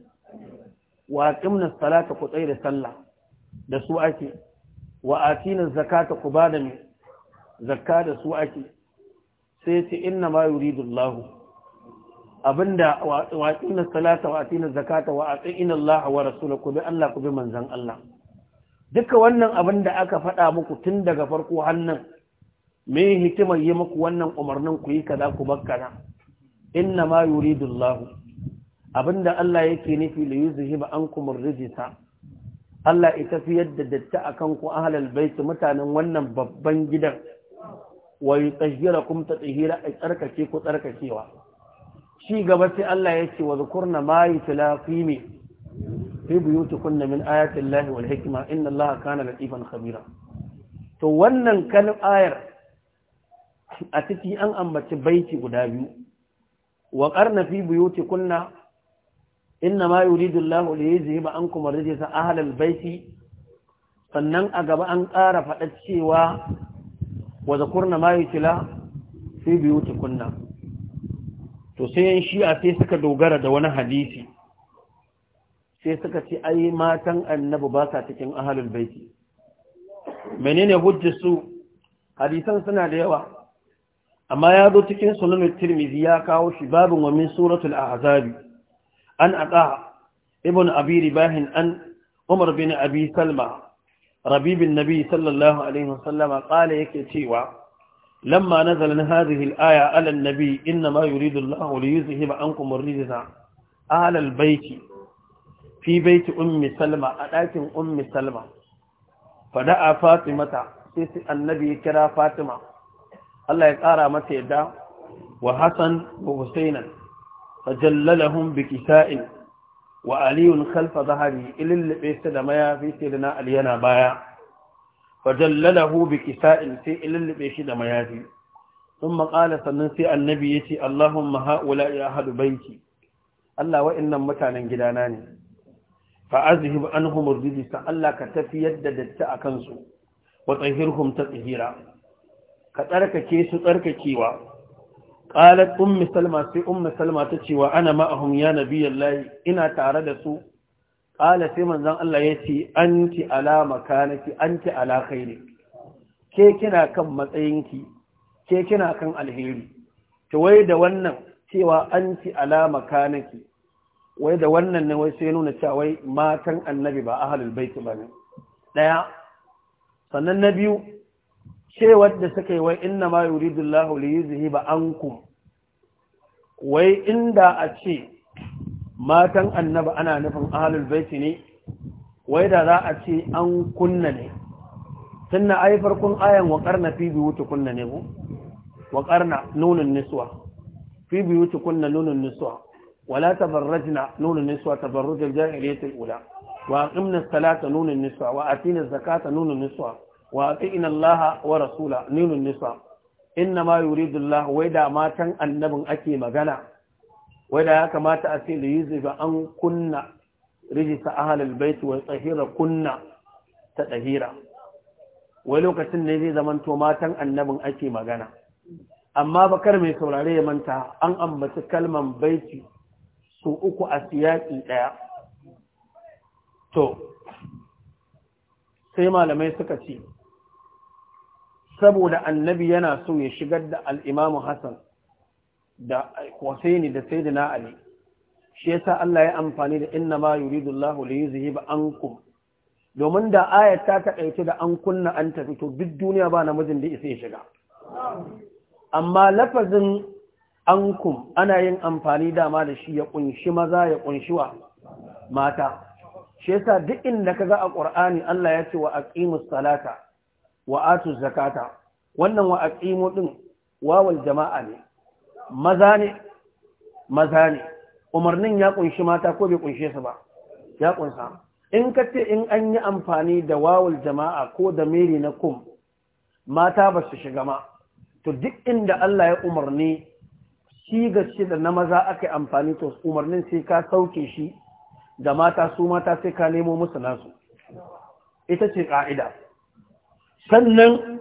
wa qimna salata ku tsaye da sallah da su ake wa atina zakata ku bada mi zakka da su ake sai ce inna ma yuridu Allah abinda wa qimna salata wa atina zakata wa atina Allah wa rasulahu bi Allah ku bi manzan Allah duka wannan abinda aka faɗa muku tun daga farko hannan me hikimar yi muku wannan umarnin ku yi kaza ku bakkana inna ma yuridullahu abinda Allah yake nufi li yuzhiba ankum ar Allah ya tafiyar da datta akan ku ahlal bait mutanen wannan babban gidan wa yutahhirakum tatahira ay tsarkake ku tsarkakewa shi gaba sai Allah ya ce wa zukurna ma yutla fi mi min ayati Allah wal hikma inna Allah kana latifan khabira to wannan kalmar ayar a ciki an ambaci baiti guda biyu wa qarna fi kunna inna ma yuridu Allahu li yuzhiba ankum rijsa ahli al-baiti sannan a gaba an ƙara faɗa cewa wa zakurna ma yutila fi kunna to sai shi'a sai suka dogara da wani hadisi sai suka ce ai matan annabi ba sa cikin ahalul baiti menene hujjar hadisan suna da yawa amma ya zo cikin sunan tirmizi ya kawo shi babin wa min suratul ahzab an Ibnu ibn abi ribahin an umar bin abi salma rabibin nabi sallallahu alaihi wasallama qala yake cewa lamma nazala hadhihi al-aya ala an-nabi inna ma yuridu Allahu li yuzhiba ankum ar-rijsa ala al-bayti fi baiti ummi salma a ɗakin ummi salma fada'a fatimata sai sai annabi ya kira fatima Allah ya ƙara masa yadda wa Hassan wa Husainan fajallalahum bi wa aliyun khalfa zahari ilallabe su da mayafi sai da na aliyana baya fajallalahu bi kisa'in sai ilallabe shi da mayafi sun maƙala sannan sai annabi ya ce Allahumma ha'ula ya haɗu banki Allah wa'innan mutanen gidana ne fa'azihim anhum sa Allah ka tafi yadda datti a kansu wa tsahirhum ta tsihira ka tsarkake su tsarkakewa qalat ummu salma sai ummu salma ta cewa wa ana ma'ahum ya nabiyallahi ina tare da su qala sai manzon Allah ya ce anti ala makanaki anti ala khairi ke kina kan matsayinki ke kina kan alheri to wai da wannan cewa anti ala makanaki wai da wannan ne wai sai nuna cewa wai matan annabi ba ahlul bait ne. Ɗaya, sannan na biyu cewar da suka yi wai inna ma yuridullahu li yuzhiba ankum wai inda a ce matan annaba ana nufin ahlul baiti ne wai da za a ce an kunna ne sunna ai farkon ayan wa qarna fi biyuti kunna ne ko wa qarna nunun niswa fi biyuti kunna nunun niswa ولا تبرجنا نون النسوة تبرج الجاهلية الأولى وأقمنا الصلاة نون النسوة وآتينا الزكاة نون النسوة wa atina Allah wa rasula nunun nisa inna ma yuridu Allah wai da matan annabin ake magana wai da ya kamata a ce da yuzuba an kunna rijisa ahlul bait wa tsahira kunna ta tsahira wai lokacin ne zai zamanto matan annabin ake magana amma bakar mai saurare ya manta an ambaci kalman baiti su uku a siyaƙi ɗaya to sai malamai suka ce saboda annabi yana so ya shigar da al'imamu Hassan da Hussaini da na Ali, shi yasa Allah ya amfani da inna ma yuridullahu Allah da yi ba an ku, domin da ayat ta taƙaice da an kunna an tafi to duk duniya ba namijin da isa ya shiga. Amma lafazin an kum ana yin amfani dama da shi ya ƙunshi maza ya ƙunshi wa mata. Shi yasa duk inda ka ga a ƙur'ani Allah ya ce wa aqimus salata wa atu zakata wannan wa aqimu din wawal jama'a ne maza ne maza ne umarnin ya kunshi mata ko bai kunshe su ba ya kunsa in ka ce in an yi amfani da wawal jama'a ko da meri na kum mata ba su shiga ma to duk inda Allah ya umarni shi ga shi da na maza aka yi amfani to umarnin sai ka sauke shi da mata su mata sai ka nemo musu nasu ita ce ƙa'ida sannan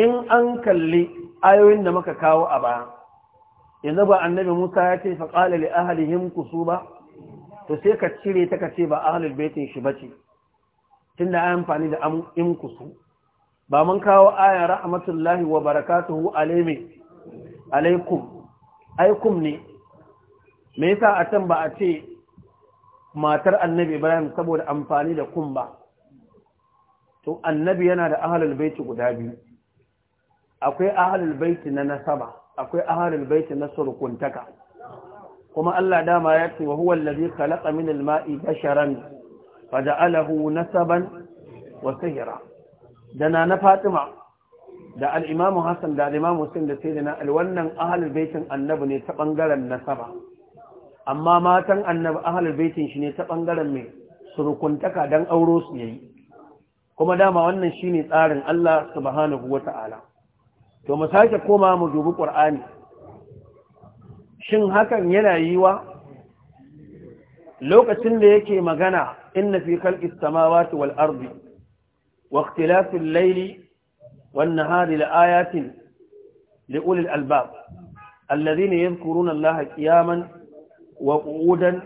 in an kalli ayoyin da muka kawo a baya yanzu ba annabi Musa ya ce fa qala li ahlihim kusuba to sai ka cire ta ka ce ba ahlul baitin shi bace tunda ayi amfani da am in kusu ba mun kawo aya rahmatullahi wa barakatuhu alayhi alaikum aikum ne me yasa a can ba a ce matar annabi Ibrahim saboda amfani da kum ba to annabi yana da ahalul baiti guda biyu akwai ahalul baiti na nasaba akwai ahalul baiti na surkuntaka kuma Allah dama ya ce wa huwa allazi khalaqa min al-ma'i basharan faja'alahu nasaban wa sihra Da na Fatima da al-Imam Hassan da al-Imam da sayyidina al-wannan ahalul baitin annabi ne ta bangaren nasaba amma matan annabi ahalul baitin shi ne ta bangaren mai surukuntaka dan auro su yayi kuma dama wannan shine tsarin Allah subhanahu wata'ala to mu sake koma mu dubi Qur'ani shin hakan yana yiwa lokacin da yake magana inna fi khalqis samawati wal arzi wa Laili, layli wan nahari la ayatin li ulil albab alladhina yadhkuruna Allaha qiyaman wa qu'udan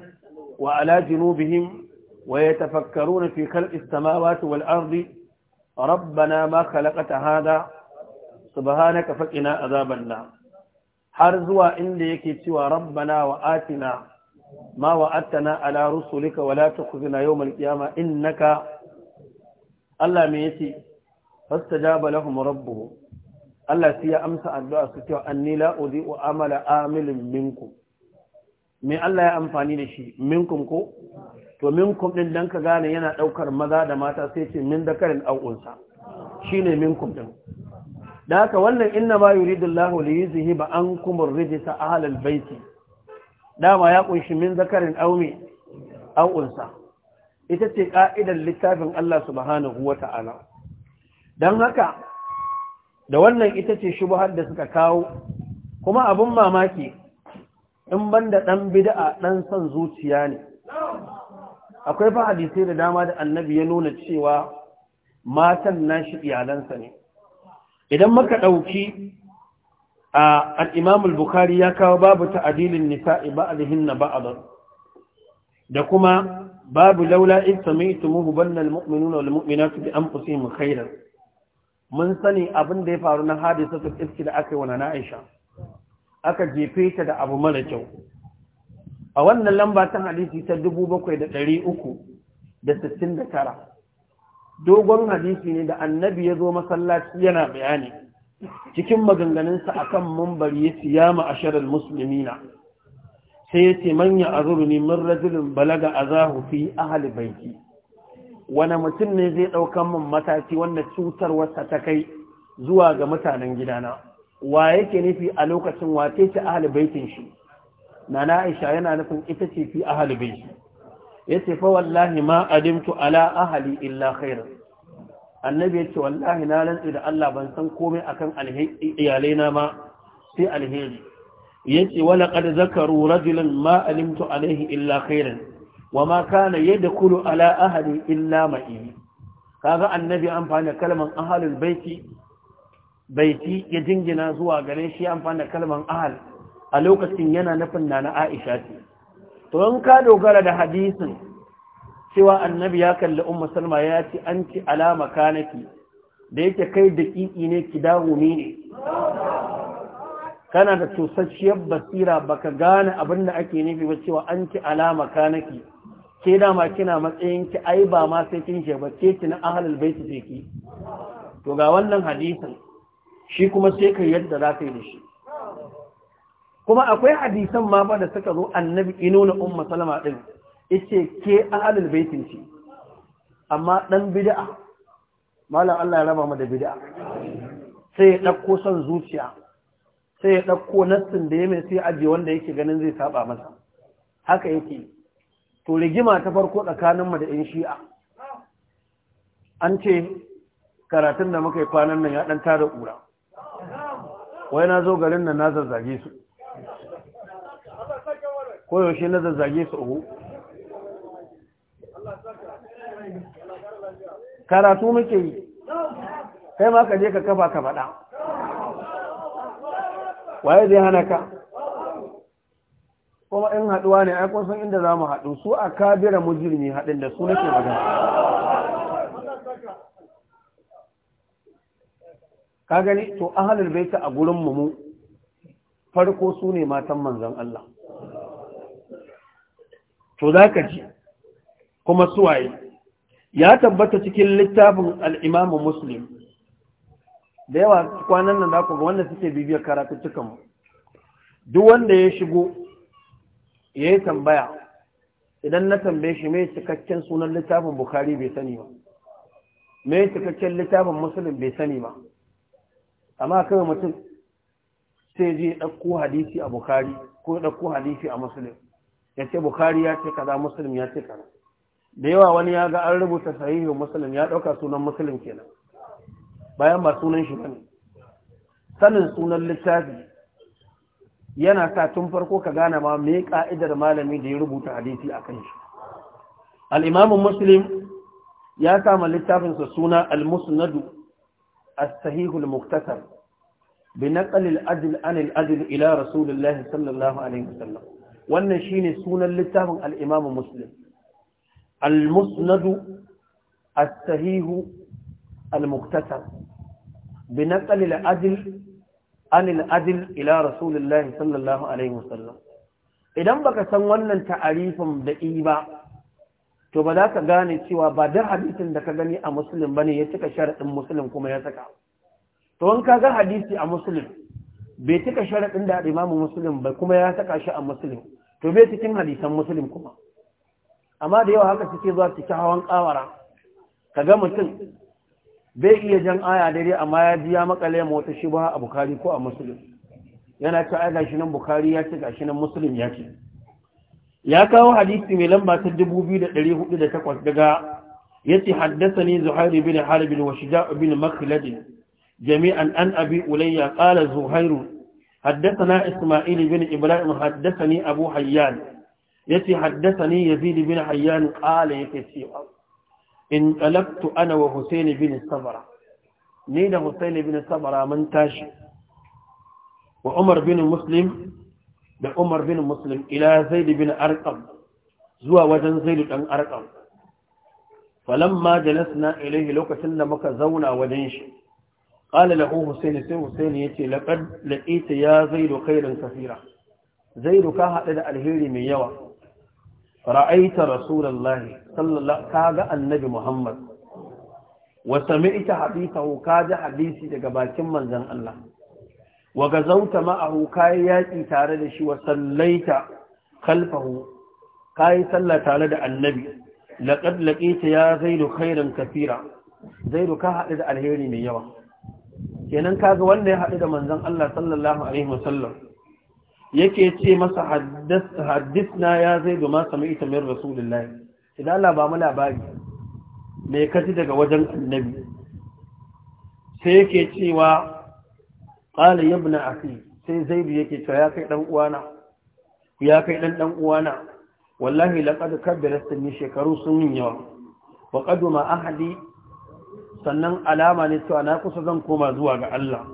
wa ala junubihim ويتفكرون في خلق السماوات والأرض ربنا ما خلقت هذا سبحانك فقنا عذاب النار har zuwa inda yake cewa rabbana wa atina ma wa attana ala rusulika wala tukhzina yawmal qiyama innaka Allah me yace fastajaba lahum rabbuhu Allah sai ya amsa addu'a su cewa anni la udhi'u amala amilin minkum me Allah ya amfani da shi minkum ko to minkum din dan ka gane yana daukar maza da mata sai ce min dakarin aw unsa shine minkum din da haka wannan inna ma yuridullahu li yuzhiba ankum ar-rijsa ahlal baiti dama ya kunshi min zakarin aw mi ita ce ka'idar littafin Allah subhanahu wata'ala dan haka da wannan ita ce shubhar da suka kawo kuma abun mamaki in banda dan bid'a dan san zuciya ne akwai ba hadisai da dama da annabi ya nuna cewa matan shi iyalansa ne idan muka ɗauki a al'imam al-bukhari ya kawo babu ta'adilin nisa'i ba'adihin na da kuma babu laula in sami'tumuhu banna muminuna wal mu'minatu bi anfusihim khairan mun sani abin da ya faru na hadisatul iski da aka yi wa Aisha aka jefe ta da abu mara kyau a wannan lamba ta hadisi ta dubu bakwai da ɗari uku da sittin da tara dogon hadisi ne da annabi ya zo masallaci yana bayani cikin maganganunsa a akan mambari ya siyama musulmi musulmina sai ya ce manya a zurni min rajulin balaga a zahu fi ahali wani mutum ne zai ɗaukan min mataki wanda cutarwarsa ta kai zuwa ga mutanen gidana wa yake nufi a lokacin wace ce a baikin shi nana aisha yana nufin ita ce fi ahli Ya ce fa wallahi ma adimtu ala ahali illa khaira annabi ya ce wallahi na rantsi da Allah ban san komai akan alheri iyalai na ma sai alheri Ya yace wala qad zakaru rajulan ma alimtu alaihi illa khairan wama kana yadkhulu ala ahli illa ma'i kaga annabi amfani kalman ahlul baiti baiti ya jingina zuwa gare shi amfani kalman ahal? a lokacin yana nufin na na Aisha ce to in ka dogara da hadisin cewa annabi ya kalli Umma salma ya ce an ci alama kanaki da yake kai da ƙiƙi ne ki dawumi ne kana da tosasshiyar basira baka gane abin da ake nufi ba cewa an ci alama kanaki ke dama kina matsayin ki ai ba ma sai kin ba ke ki na ahlul su ce ki to ga wannan hadisin shi kuma sai ka yadda za ka yi da shi kuma akwai hadisan ma ba da suka zo annabi ino na umma salama din yace ke ahlul baitin shi amma dan bid'a mallan Allah ya raba mu da bid'a sai ya dauko son zuciya sai ya dauko nassin da ya mai sai aje wanda yake ganin zai saba masa haka yake to rigima ta farko tsakaninmu da yan shi'a an ce karatun da muka yi kwanan nan ya ɗan tara kura wai na zo garin nan na zazzage su koyaushe na zazzage su uku karatu muke yi kai ma ka je ka kafa ka faɗa waye zai hana ka kuma in haɗuwa ne aikon san inda za mu haɗu su a kabira mujirmi haɗin da su nake magana ka gani to ahalul baita a gurin mu farko su ne matan manzan Allah to za ka ji kuma suwaye ya tabbata cikin littafin al'imamu muslim da yawa kwanan nan za ku ga wanda suke bibiyar mu duk wanda ya shigo ya yi tambaya idan na tambaye shi mai cikakken sunan littafin bukari bai sani ba mai cikakken littafin musulun bai sani ba amma kawai mutum sai je ɗakko hadisi a bukari ko ɗakko hadisi a musulun ya ce bukari ya ce kaza muslim ya ce kaza da yawa wani ya ga an rubuta sahihu muslim ya ɗauka sunan muslim kenan bayan ba sunan shi bane sanin sunan littafi yana sa tun farko ka gane ma me ka'idar malami da ya rubuta hadisi a kan shi al-imamu muslim ya littafin littafinsa suna al-musnadu as-sahihul muktasar bi naqal al-adl an al-adl ila rasulillahi sallallahu alaihi wasallam wannan shine sunan littafin al-Imam Muslim al musnadu as-Sahih al-Muktasar bi naql al-adl an al-adl ila Rasulullah sallallahu alaihi wasallam idan baka san wannan ta'arifin da ba to ba za ka gane cewa ba da hadisin da ka gani a musulun ba ne ya cika sharaɗin musulun kuma ya saka to in ka ga hadisi a musulun bai cika sharaɗin da imamu musulun ba kuma ya saka shi a musulun to bai cikin hadisan musulun kuma amma da yawa haka suke zuwa cikin hawan kawara kaga mutum bai iya jan aya dare amma ya ji ya makale ma wata ba a bukari ko a musulun yana ta aya gashi nan bukari ya ce gashi nan musulun ya ce ya kawo hadisi mai lamba ta 2408 daga yace ne zuhair bin harb bin washja bin makhlad jami'an an abi ulayya kala zuhairu حدثنا إسماعيل بن إبراهيم حدثني أبو حيان يتي حدثني يزيد بن حيان قال يتي انقلبت أنا وحسين بن الصبرة نيل حسين بن الصبرة من تاشي وعمر بن مسلم da Umar bin Muslim ila Zaid bin Arqam zuwa wajen Zaid dan Arqam falamma jalasna ilayhi lokacin da muka zauna wajen shi qala lahu husayn sai husayn yace laqad laqita ya zaid khairan kaseera zaid ka hada da alheri mai yawa ra'aita rasulullahi sallallahu kaga annabi muhammad wa sami'ta hadithahu kaja hadisi daga bakin manzon Allah wa gazauta ma'ahu kai yaki tare da shi wa sallaita khalfahu kai salla tare da annabi laqad laqita ya zaidu khairan kaseera zaidu ka hada da alheri mai yawa kenan kaga wanda ya haɗu da manzon Allah sallallahu alaihi wasallam yake ce masa na ya zai da ma sami ita min rasulullah idan Allah ba mu labari me kaji daga wajen annabi sai yake cewa qala ibn akhi sai zaidu yake cewa ya kai dan uwana ya kai dan dan uwana wallahi laqad kabbara sunni shekaru sun yawa wa qaduma ahli sannan alama ne cewa na kusa zan koma zuwa ga Allah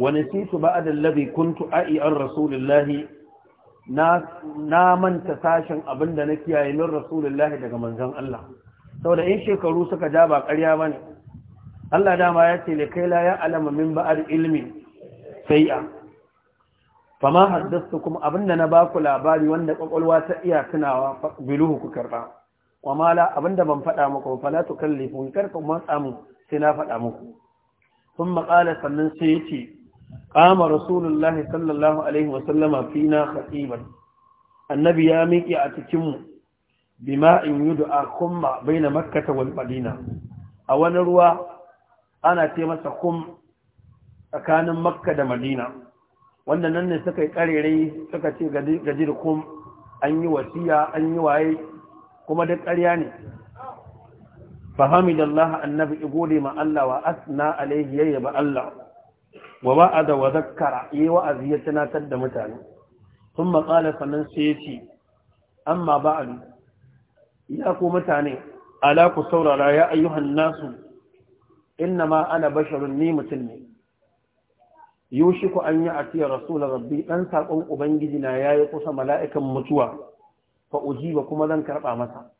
wani situ ba'adar labi kuntu aian an rasulullahi na manta sashen abin da na kiyaye min rasulullahi daga manzan Allah saboda in shekaru suka ja ba ƙarya ba Allah dama ya ce kai la ya alama min ba'ar ilmi sai'a fama haddasta kuma abin da na ba ku labari wanda kwakwalwa ta iya tunawa biluhu ku karɓa kwamala abin da ban faɗa muku fala tu kallifu karka matsa mu sai na faɗa muku sun maƙala sannan sai ya ce ƙama rasulullahi sallallahu alaihi wasallama fi na khatiban annabi ya miƙe a cikinmu bima in yi du'a kuma bai na makkata wal a wani ruwa ana ce masa kum tsakanin makka da madina wanda nan ne suka yi karerai suka ce gaji kum an yi wasiya an yi waye kuma da ƙarya ne fahamidallah annabi igode ma Allah wa asna alaihi yayya ba Allah wa ba'ada wa yi wa'azi ya tunatar da mutane sun maƙala sannan sai ya ce amma ba'adu ya ku mutane ala ku saurara ya ayyuhan nasu inna ma ana basharun ni mutum ne yushiku an yi atiya rasul rabbi dan sakon ubangiji na yayi kusa mala'ikan mutuwa fa ba kuma zan karɓa masa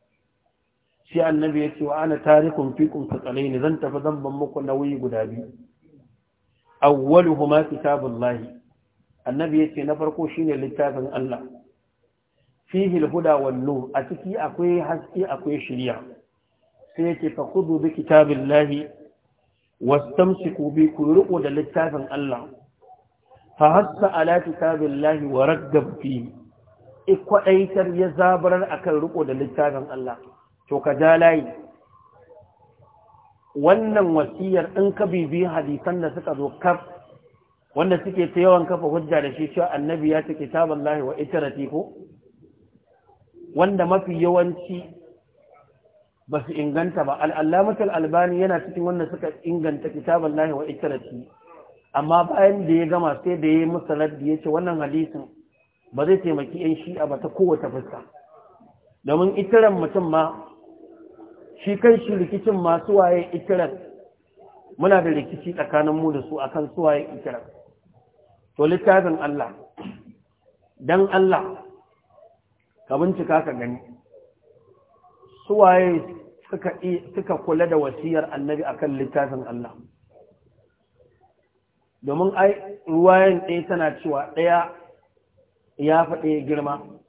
sai annabi ya ce wa ana tarikun fikun katsalai ne zan tafi zan muku nauyi guda biyu huma kitabullahi annabi ya ce na farko shine littafin Allah fihi huda wan nur a ciki akwai haske akwai shiriya sai yake fa khudhu bi kitabillahi wastamsiku bi ku riƙo da littafin Allah fa hassa ala lahi wa raggab fi ikwadaitar ya zabarar akan riƙo da littafin Allah to ka ja layi wannan wasiyar in ka bibi hadisan da suka zo kaf wanda suke ta yawan kafa hujja da shi cewa annabi ya ce kitaballahi wa itrati ko wanda mafi yawanci ba su inganta ba al'allamatul albani yana cikin wanda suka inganta kitaballahi wa itrati amma bayan da ya gama sai da ya yi musalar da ya ce wannan hadisin ba zai taimaki yan shi'a ba ta kowace fuska domin itiran mutum ma shi kan shi rikicin masu waye ikiran muna da rikici tsakanin mu da su akan su waye ikiran to littafin Allah dan Allah ka bincika ka gani su waye suka kula da wasiyar annabi akan littafin Allah domin ai ruwayan ɗaya tana cewa ɗaya ya faɗe girma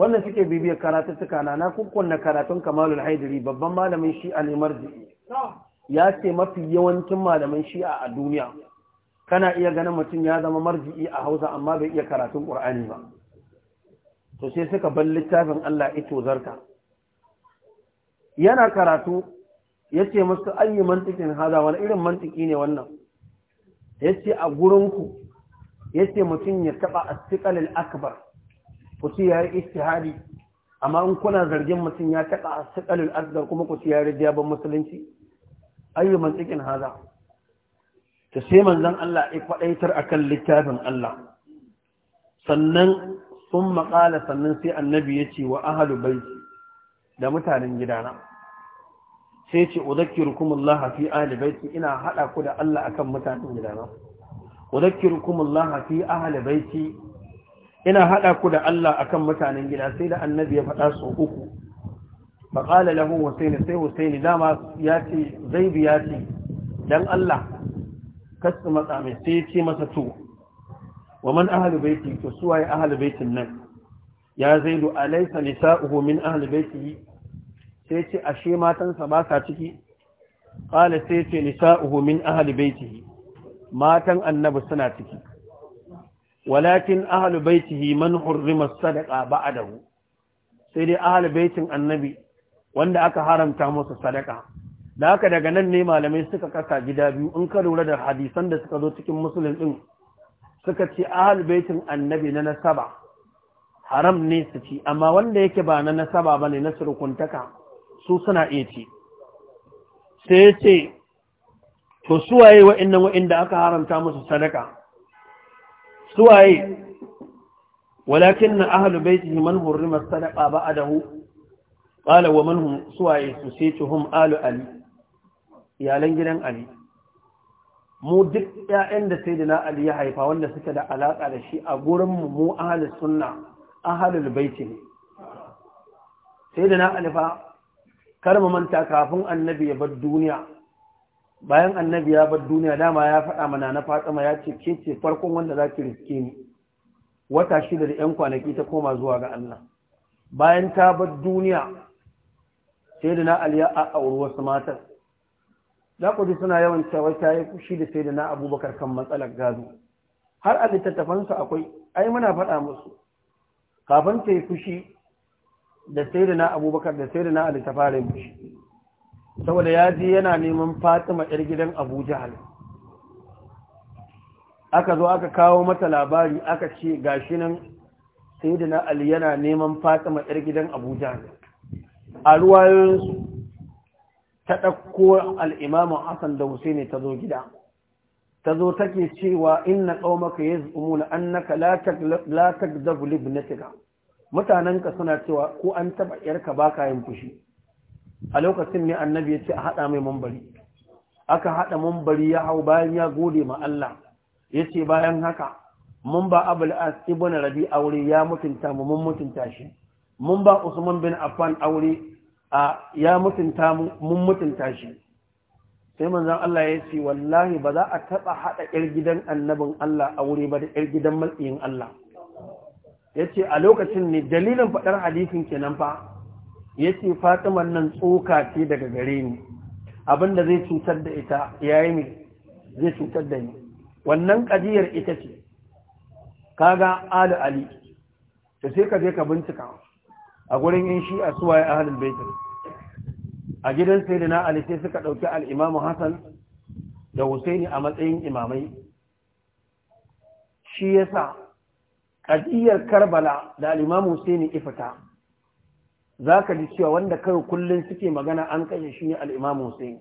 wannan suke bibiyar suka na na kukkunna karatun kamalul haidari babban malamin shi'a ne marji'i ya ce mafi yawancin malamin shi'a a duniya kana iya ganin mutum ya zama marji'i a hausa amma bai iya karatun ƙur'ani ba to sai suka bar littafin allah ito zarta yana karatu ya ce masu yi mantikin haza wani irin mantiki ne wannan ya ce a gurinku ya ce mutum ya taɓa a akbar ku ce ya yi istihari amma in kuna zargin mutum ya taɓa a sakalin asgar kuma ku ce ya yi diyaban musulunci ayyu mantikin haza ta sai manzon Allah ya faɗaitar akan littafin Allah sannan sun maƙala sannan sai annabi ya ce wa ahalu baiti da mutanen gidana sai ce udhakkirukumullah fi ahli baiti ina haɗa ku da Allah akan mutanen gidana udhakkirukumullah fi ahli baiti ina haɗa ku da Allah akan mutanen gida sai da annabi ya faɗa su uku faƙala lahu husaini sai husaini dama ya ce zaibi ya ce dan Allah kasu matsa mai sai ya ce masa to wa man ahli baiti to suwaye ahli baitin nan ya zaidu alaysa nisa'uhu min ahli baiti sai ce ashe matansa ba sa ciki ƙala sai ce nisa'uhu min ahli baiti matan annabi suna ciki walakin ahal baitihi man hurrima sadaqa ba'dahu sai dai ahal baitin annabi wanda aka haramta masa sadaka da haka daga nan ne malamai suka kasa gida biyu in ka lura da hadisan da suka zo cikin musulun din suka ce ahal baitin annabi na nasaba haram ne su ci amma wanda yake ba na nasaba bane na surukuntaka su suna iya ci sai ce to suwaye wa'annan wa'inda aka haramta musu sadaka suwaye walakin na ahalu ji man ba a dahu ƙala wa man su suwaye su sai tuhum alu ali iyalan gidan ali mu duk ƴaƴan da sayyidina ali ya haifa wanda suke da alaƙa da shi a gurinmu mu mu suna sunna ahlul baiti ne sayyidina ali fa kar mu manta kafin annabi ya bar duniya bayan annabi ya bar duniya dama ya faɗa mana na fatsama ya ce ke ce farkon wanda za ki riske ni wata shida da ‘yan kwanaki ta koma zuwa ga Allah bayan ta bar duniya sai da na a auri wasu matar za ku ji suna yawan cewa ta yi fushi da sai da na abubakar kan matsalar gado har a littattafansu akwai ai muna faɗa musu kafin ta yi fushi da sai da na abubakar da sai da na alittafarin fushi saboda ya je yana neman fatima yar gidan abu jahal aka zo aka kawo mata labari aka ce gashi nan sai ali yana neman fatima yar gidan abu jahal a ruwayoyinsu ta ɗakko al'imamu hassan da husaini ta zo gida ta zo take cewa inna ƙaumaka ya zumuna annaka la na libnatika mutanenka suna cewa ko an taɓa ‘yarka ba yin fushi a lokacin ne annabi ya ce a haɗa mai mambari aka haɗa mambari ya hau bayan ya gode ma Allah ya ce bayan haka mun ba abul as ibn rabi aure ya mutunta mu mun mutunta shi mun ba usman bin affan aure a ya mutunta mu mun mutunta shi sai manzon Allah ya ce wallahi ba za a taba haɗa ƴar gidan annabin Allah aure ba da ƴar gidan matsayin Allah yace a lokacin ne dalilin faɗar hadisin kenan fa ya ce fatiman nan tsoka ce daga gare ni abinda zai cutar da ita ya yi mai zai cutar da ni wannan ƙajiyar ita ce kaga ali ali da sai ka je ka bincika a gurin yin shi a suwaye a halin baitin a gidan sai da ali sai suka ɗauki al'imamu hassan da husaini a matsayin imamai shi yasa ƙadiyar karbala da al'imamu husaini ifata. za ka ji cewa wanda kawai kullum suke magana an kashe shi ne al'imamu sai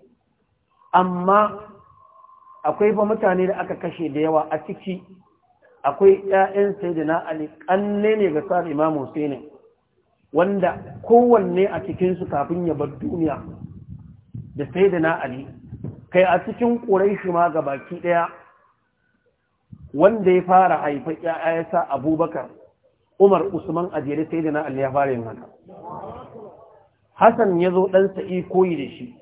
amma akwai ba mutane da aka kashe da yawa a ciki akwai ‘ya'yan sai da na'ali ƙanne ne ga sa'ar imamu sai wanda kowanne a cikinsu kafin ya bar duniya da sai da na'ali kai a cikin ƙurai shi ma ga baki ɗaya wanda ya fara haifar ‘ya'ya ya sa abubakar umar usman jere sai da na'ali ya fara yin haka Hassan ya zo ɗansa yi koyi da shi,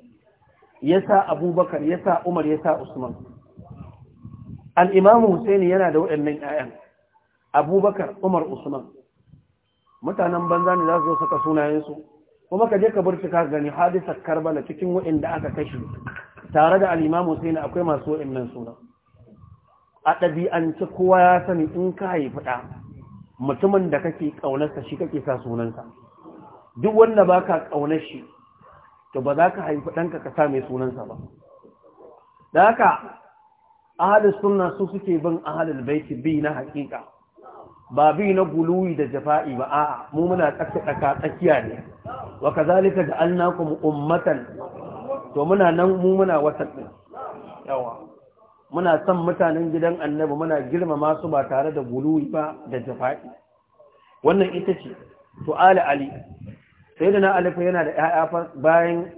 ya sa Abubakar, ya sa Umar, ya sa Usman. Al'imamu Hussaini yana da waɗannan ‘ya'yan, Abubakar, Umar, Usman. Mutanen banza ne za su zo saka sunayensu, kuma ka je ka bar ka gani hadisar Karbala cikin waɗanda aka kashe, tare da al'imamu Hussaini akwai masu waɗannan suna. A ɗabi'ance kowa ya sani in ka haifi ɗa, mutumin da kake ƙaunarsa shi kake sa sunansa. duk wanda baka kaunar shi to ba za ka haifi ɗanka ka sa mai sunansa ba da haka ahalin suna su suke bin ahalin baiti bi na hakika ba bi na guluwi da jafa'i ba a'a mu muna tsaka tsakiya ne wa kazalika da naku ummatan to muna nan mu muna watan yawa muna san mutanen gidan annabi muna girmama su ba tare da guluwi ba da jafa'i wannan ita ce to ali ali sai da na alifin yana da ‘ya'ya bayan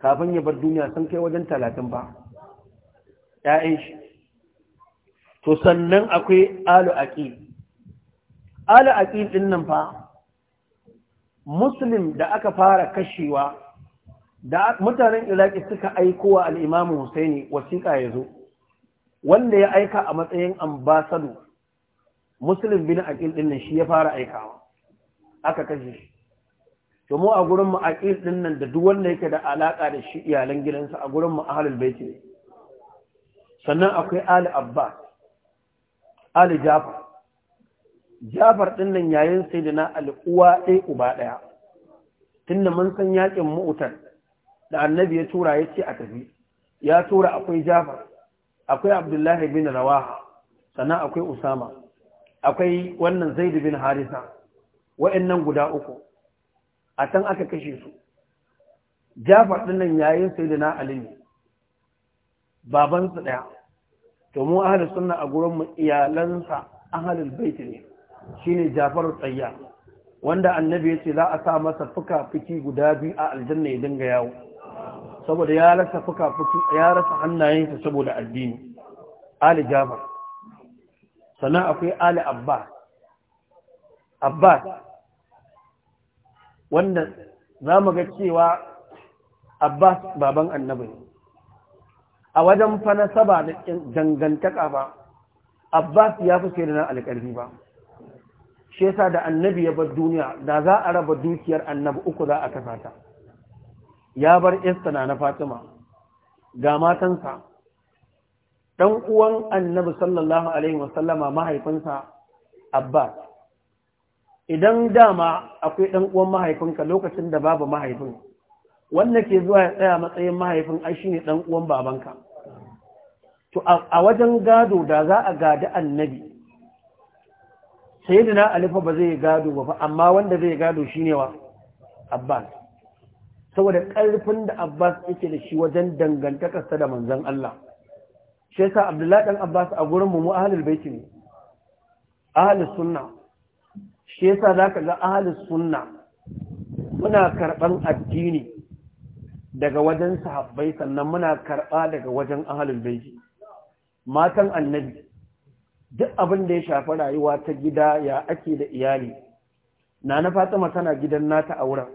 kafin ya bar duniya sun kai wajen talatin ba ‘ya'yan shi to sannan akwai alu aƙi alu aƙi ɗin nan fa muslim da aka fara kashewa da mutanen iraki suka aiko wa al'imamu husaini wasiƙa ya zo wanda ya aika a matsayin ambasado muslim bin aƙi ɗin nan shi ya fara aikawa aka kashe shi to mu a gurin mu aqil din nan da duk wanda yake da alaka da shi iyalan gidansa a gurin mu ahlul bait ne sannan akwai ali Abba, ali jafar jafar din nan yayin sayyidina ali uwa ɗaya uba ɗaya tunda mun san yakin mu'utar da annabi ya tura ya ce a tafi ya tura akwai jafar akwai abdullahi bin rawaha sannan akwai usama akwai wannan zaid bin harisa wa'annan guda uku a can aka kashe su jafar dinnan yayin sayyidina ali ne baban su daya to mu suna sunna a gurin mu iyalansa ahalin baiti ne shine jafar tsayya wanda annabi ya ce za a sa masa fuka-fuki guda biyu a aljanna ya dinga yawo saboda ya rasa fuka-fuki ya rasa hannayensa saboda addini ali jafar sannan akwai ali abbas abbas wanda za mu ga cewa abbas baban annabi a wajen fana saba da dangantaka ba abbas ya fi sai da alƙarfi ba shi yasa da annabi ya bar duniya da za a raba dukiyar annabi uku za a kasa ta ya bar istana na fatima ga matansa ɗan uwan annabi sallallahu alaihi wasallama mahaifinsa abbas idan dama akwai ɗan uwan mahaifinka lokacin da babu mahaifin wanda ke zuwa ya tsaya matsayin mahaifin ai ne ɗan uwan babanka to a wajen gado da za a gadi annabi na alifa ba zai gado ba amma wanda zai gado shi ne wa abbas saboda ƙarfin da abbas yake da shi wajen dangantakarsa da manzan Allah shi yasa abdullahi ɗan abbas a gurin mu mu ahlul baiti ne ahlus sunna shi yasa zaka ga ahlus sunna muna karban addini daga wajen sahabbai sannan muna karba daga wajen ahlul baiti matan annabi duk abin da ya shafi rayuwa ta gida ya ake da iyali na na fatima tana gidan nata a wurin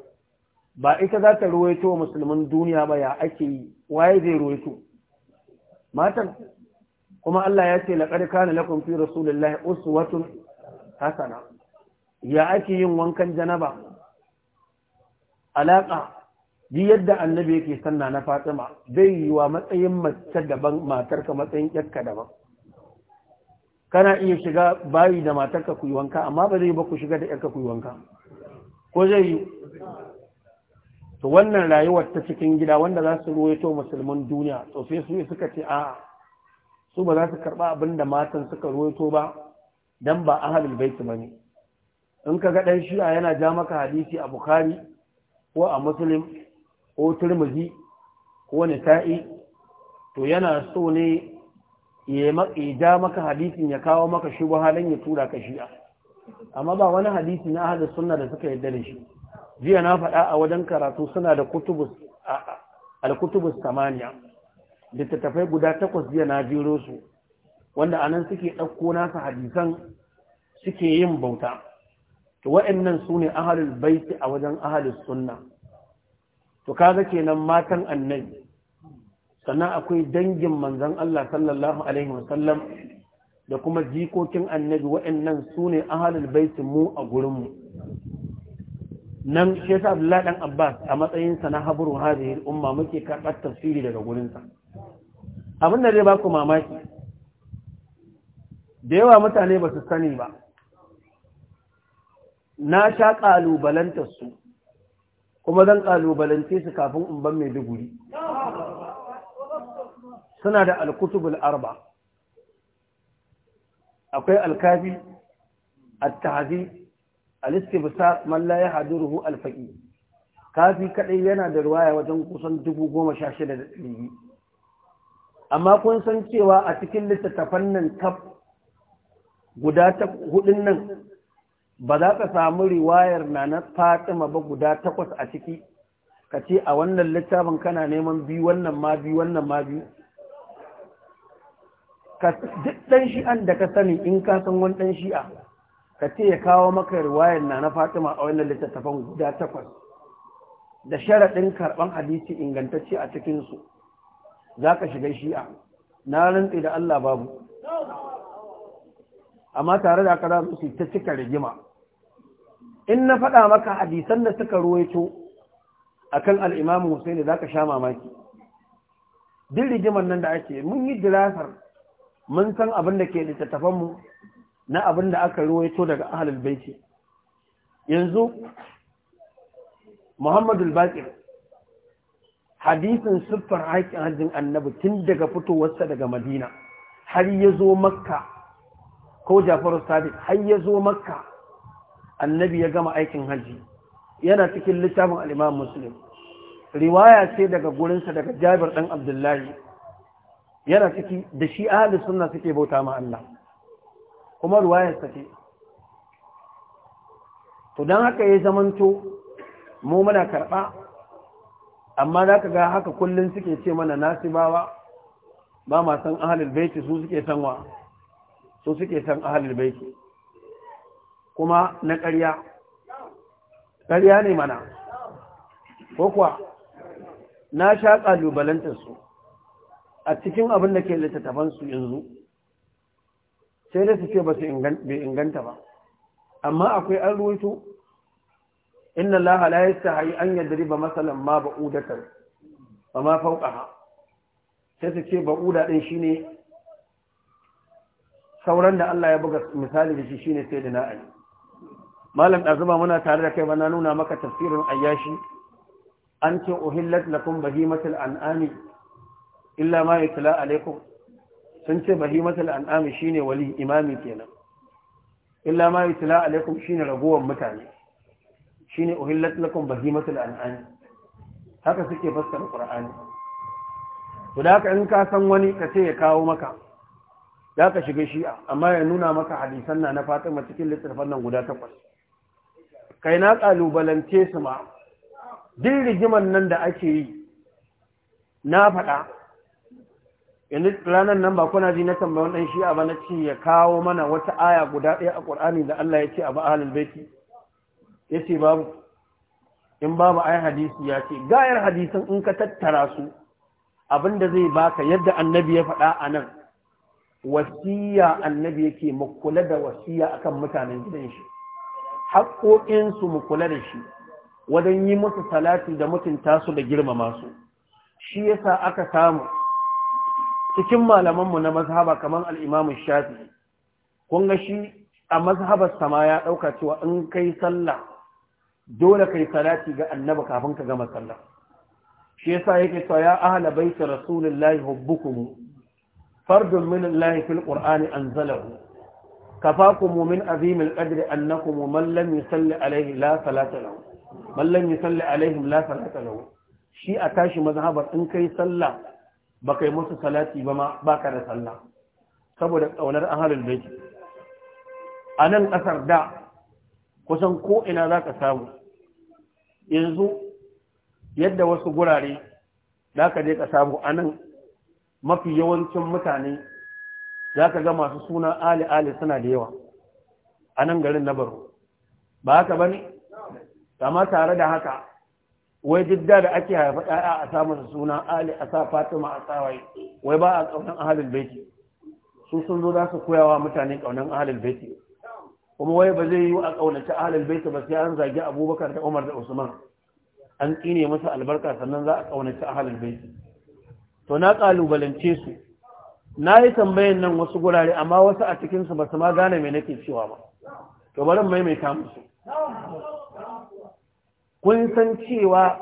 ba ita za ta ruwaito wa musulmin duniya ba ya ake yi waye zai ruwaito matan kuma Allah ya ce laqad kana lakum fi rasulillahi uswatun hasana ya ake yin wankan janaba alaƙa ji yadda annabi yake sanna na fatima zai yi wa matsayin mace daban matarka matsayin yakka daban kana iya shiga bayi da matarka ku yi wanka amma ba zai ba ku shiga da ƴarka ku yi wanka ko zai yi to wannan rayuwar ta cikin gida wanda za su ruwaito musulman duniya to sai su suka ce a su ba za su karɓa abin da matan suka ruwaito ba dan ba ahalul baiti bane in ka ga ɗan shi'a yana ja maka hadisi a bukari ko a musulun ko turmuzi ko ta'i to yana so ne ya ja maka hadisin ya kawo maka shubu halin ya tura ka shi'a amma ba wani hadisi na ahadar suna da suka yadda da shi jiya na faɗa a wajen karatu suna da kutubus al-kutubus samaniya littattafai guda takwas jiya na jiro su wanda anan suke ɗauko nasa hadisan suke yin bauta to wa'annan su ne ahalul baiti a wajen ahalul sunna to kaga kenan matan annabi sannan akwai dangin manzon Allah sallallahu alaihi wasallam da kuma jikokin annabi wa'annan su ne ahalul baiti mu a gurin mu nan shi yasa Abdullahi dan Abbas a matsayin sa na habru hadhihi umma muke karɓar tafsiri daga gurin sa abin da zai ba ku mamaki da yawa mutane ba su sani ba na sha ƙalubalantar su kuma zan ƙalubalance su kafin in ban duguri suna da alkutubul arba akwai alkafi al-tahazi al-istibsar man la yahduruhu al kafi kaɗai yana da ruwaya wajen kusan dubu goma da 16000 amma kun san cewa a cikin littattafan nan kaf guda ta hudun nan ba za ka samu riwayar na na fatima ba guda takwas a ciki ka ce a wannan littafin kana neman biyu wannan ma biyu wannan ma biyu duk ɗan shi'an da ka sani in ka san wani dan shi'a ka ce ya kawo maka riwayar na na fatima a wannan littafin guda takwas da sharaɗin karɓan hadisi ingantacce a cikinsu za ka shiga shi'a na rantsi da Allah babu amma tare da aka za su ta cika rigima in na faɗa maka hadisan da suka ruwaito akan kan imam Hussein da ka sha mamaki duk rigimar nan da ake mun yi dirasar mun san abin da ke littattafanmu na abin da aka ruwaito daga ahlul baiki yanzu Muhammadu Baqir hadisin siffar haƙin hajjin annabi tun daga fitowarsa daga madina har ya zo makka ko jafaru sadi har ya zo makka annabi ya gama aikin hajji yana cikin littafin al'imam muslim riwaya ce daga gurinsa daga jabir ɗan abdullahi yana ciki da shi ahli suna suke bauta ma Allah kuma riwayar sa ce to don haka ya zamanto mu muna karɓa. amma za ka ga haka kullum suke ce mana nasibawa ba ma san ahlul baiti su suke sanwa su suke san ahlul baiti kuma na ƙarya ƙarya ne mana ko kuwa na sha ƙalubalantarsu a cikin abin da ke littattafansu yanzu sai da su ce ba su inganta ba amma akwai an ruwaito inna laha la hayi an riba masalan ma ba'udatan ba ma fawqaha sai su ce ba'uda din ne. sauran da Allah ya buga misali da shi shi ne sai da na'ari malam ɗazuma muna tare da kai ba na nuna maka tafsirin ayyashi an ce uhillat lakum bahimatul an'ami illa ma yutla alaikum sun ce bahimatul an'ami shine wali imami kenan illa ma yutla alaikum shine ragowar mutane shine uhillat lakum bahimatul an'ami haka suke fassara qur'ani to da in ka san wani ka ce ya kawo maka za ka shiga shi'a amma ya nuna maka hadisan na na fatima cikin littattafan nan guda takwas kai na ƙalubalance su ma din rigiman nan da ake yi na faɗa yanzu ranar nan ba kuna ji na tambaya ɗan shi ba na ce ya kawo mana wata aya guda ɗaya a ƙur'ani da Allah ya ce a ba'alul baiti ya ce babu in babu ai hadisi ya ce gayar hadisin in ka tattara su abin da zai baka yadda annabi ya faɗa a nan wasiya annabi yake makula da wasiya akan mutanen gidan shi haƙoƙinsu mu kula da shi wajen yi musu salati da mutunta su da girmama su shi yasa aka samu cikin malamanmu na mazhaba kamar al'imamun shafi kun shi a mazhabar sama ya ɗauka cewa in kai sallah dole kai salati ga annaba kafin ka gama sallah shi yasa yake cewa ya ahla rasulun lahi hubbukum fardun min lahi fil ƙ anzalahu kafakum min azimil qadri annakum man lam yusalli alaihi la salata lahu man lam yusalli alaihim la salata lahu shi a tashi mazhabar in kai sallah ba kai musu salati ba ma baka da sallah saboda kaunar ahlul bait a nan kasar da kusan ko ina zaka samu yanzu yadda wasu gurare da ka je ka samu a nan mafi yawancin mutane za ka ga masu suna ali ali suna da yawa a nan garin na baro ba haka ba ne Kama tare da haka wai jidda da ake haifa ɗaya a samun suna ali a sa fatima a sa waye wai ba a ƙaunar ahalul baiti su sun zo za su koya mutane ƙaunar ahalul baiti kuma wai ba zai yi a ƙaunace ahalul baiti ba sai an zagi abubakar da umar da usman an tsine masa albarka sannan za a ƙaunaci ahalul baiti to na ƙalubalance su na yi tambayan nan wasu gurare amma wasu a cikinsu ba su ma gane mai nake cewa ba to bari maimaita musu kun san cewa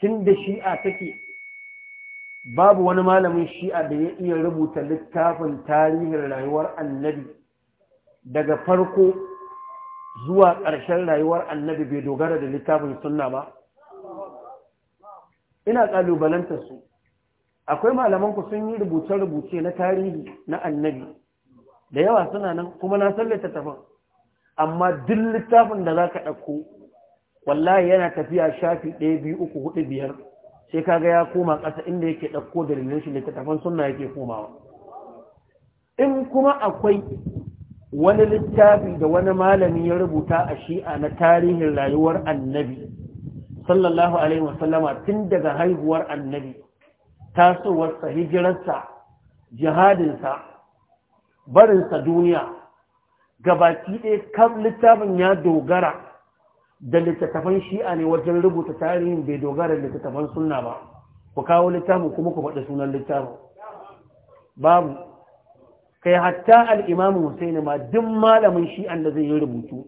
tun da shi'a take babu wani malamin shi'a da ya iya rubuta littafin tarihin rayuwar annabi daga farko zuwa ƙarshen rayuwar annabi bai dogara da littafin sunna ba ina ƙalubalantar su akwai malaman ku sun yi rubuce-rubuce na tarihi na annabi da yawa suna nan kuma na san littattafan amma duk littafin da za ka ɗauko wallahi yana tafiya shafi ɗaya biyu uku hudu biyar sai kaga ya koma ƙasa inda yake ɗauko da shi littattafan sunna yake komawa in kuma akwai wani littafi da wani malami ya rubuta a shi'a na tarihin rayuwar annabi sallallahu alaihi wasallama tun daga haihuwar annabi tasowarsa hijirarsa jihadinsa barinsa duniya gabaki ɗaya kan littafin ya dogara da littattafan shi'a ne wajen rubuta tarihin bai dogara da littattafan sunna ba ku kawo littafin kuma ku faɗi sunan littafin babu kai hatta al'imamu Hussein ma duk malamin shi'an da zai yi rubutu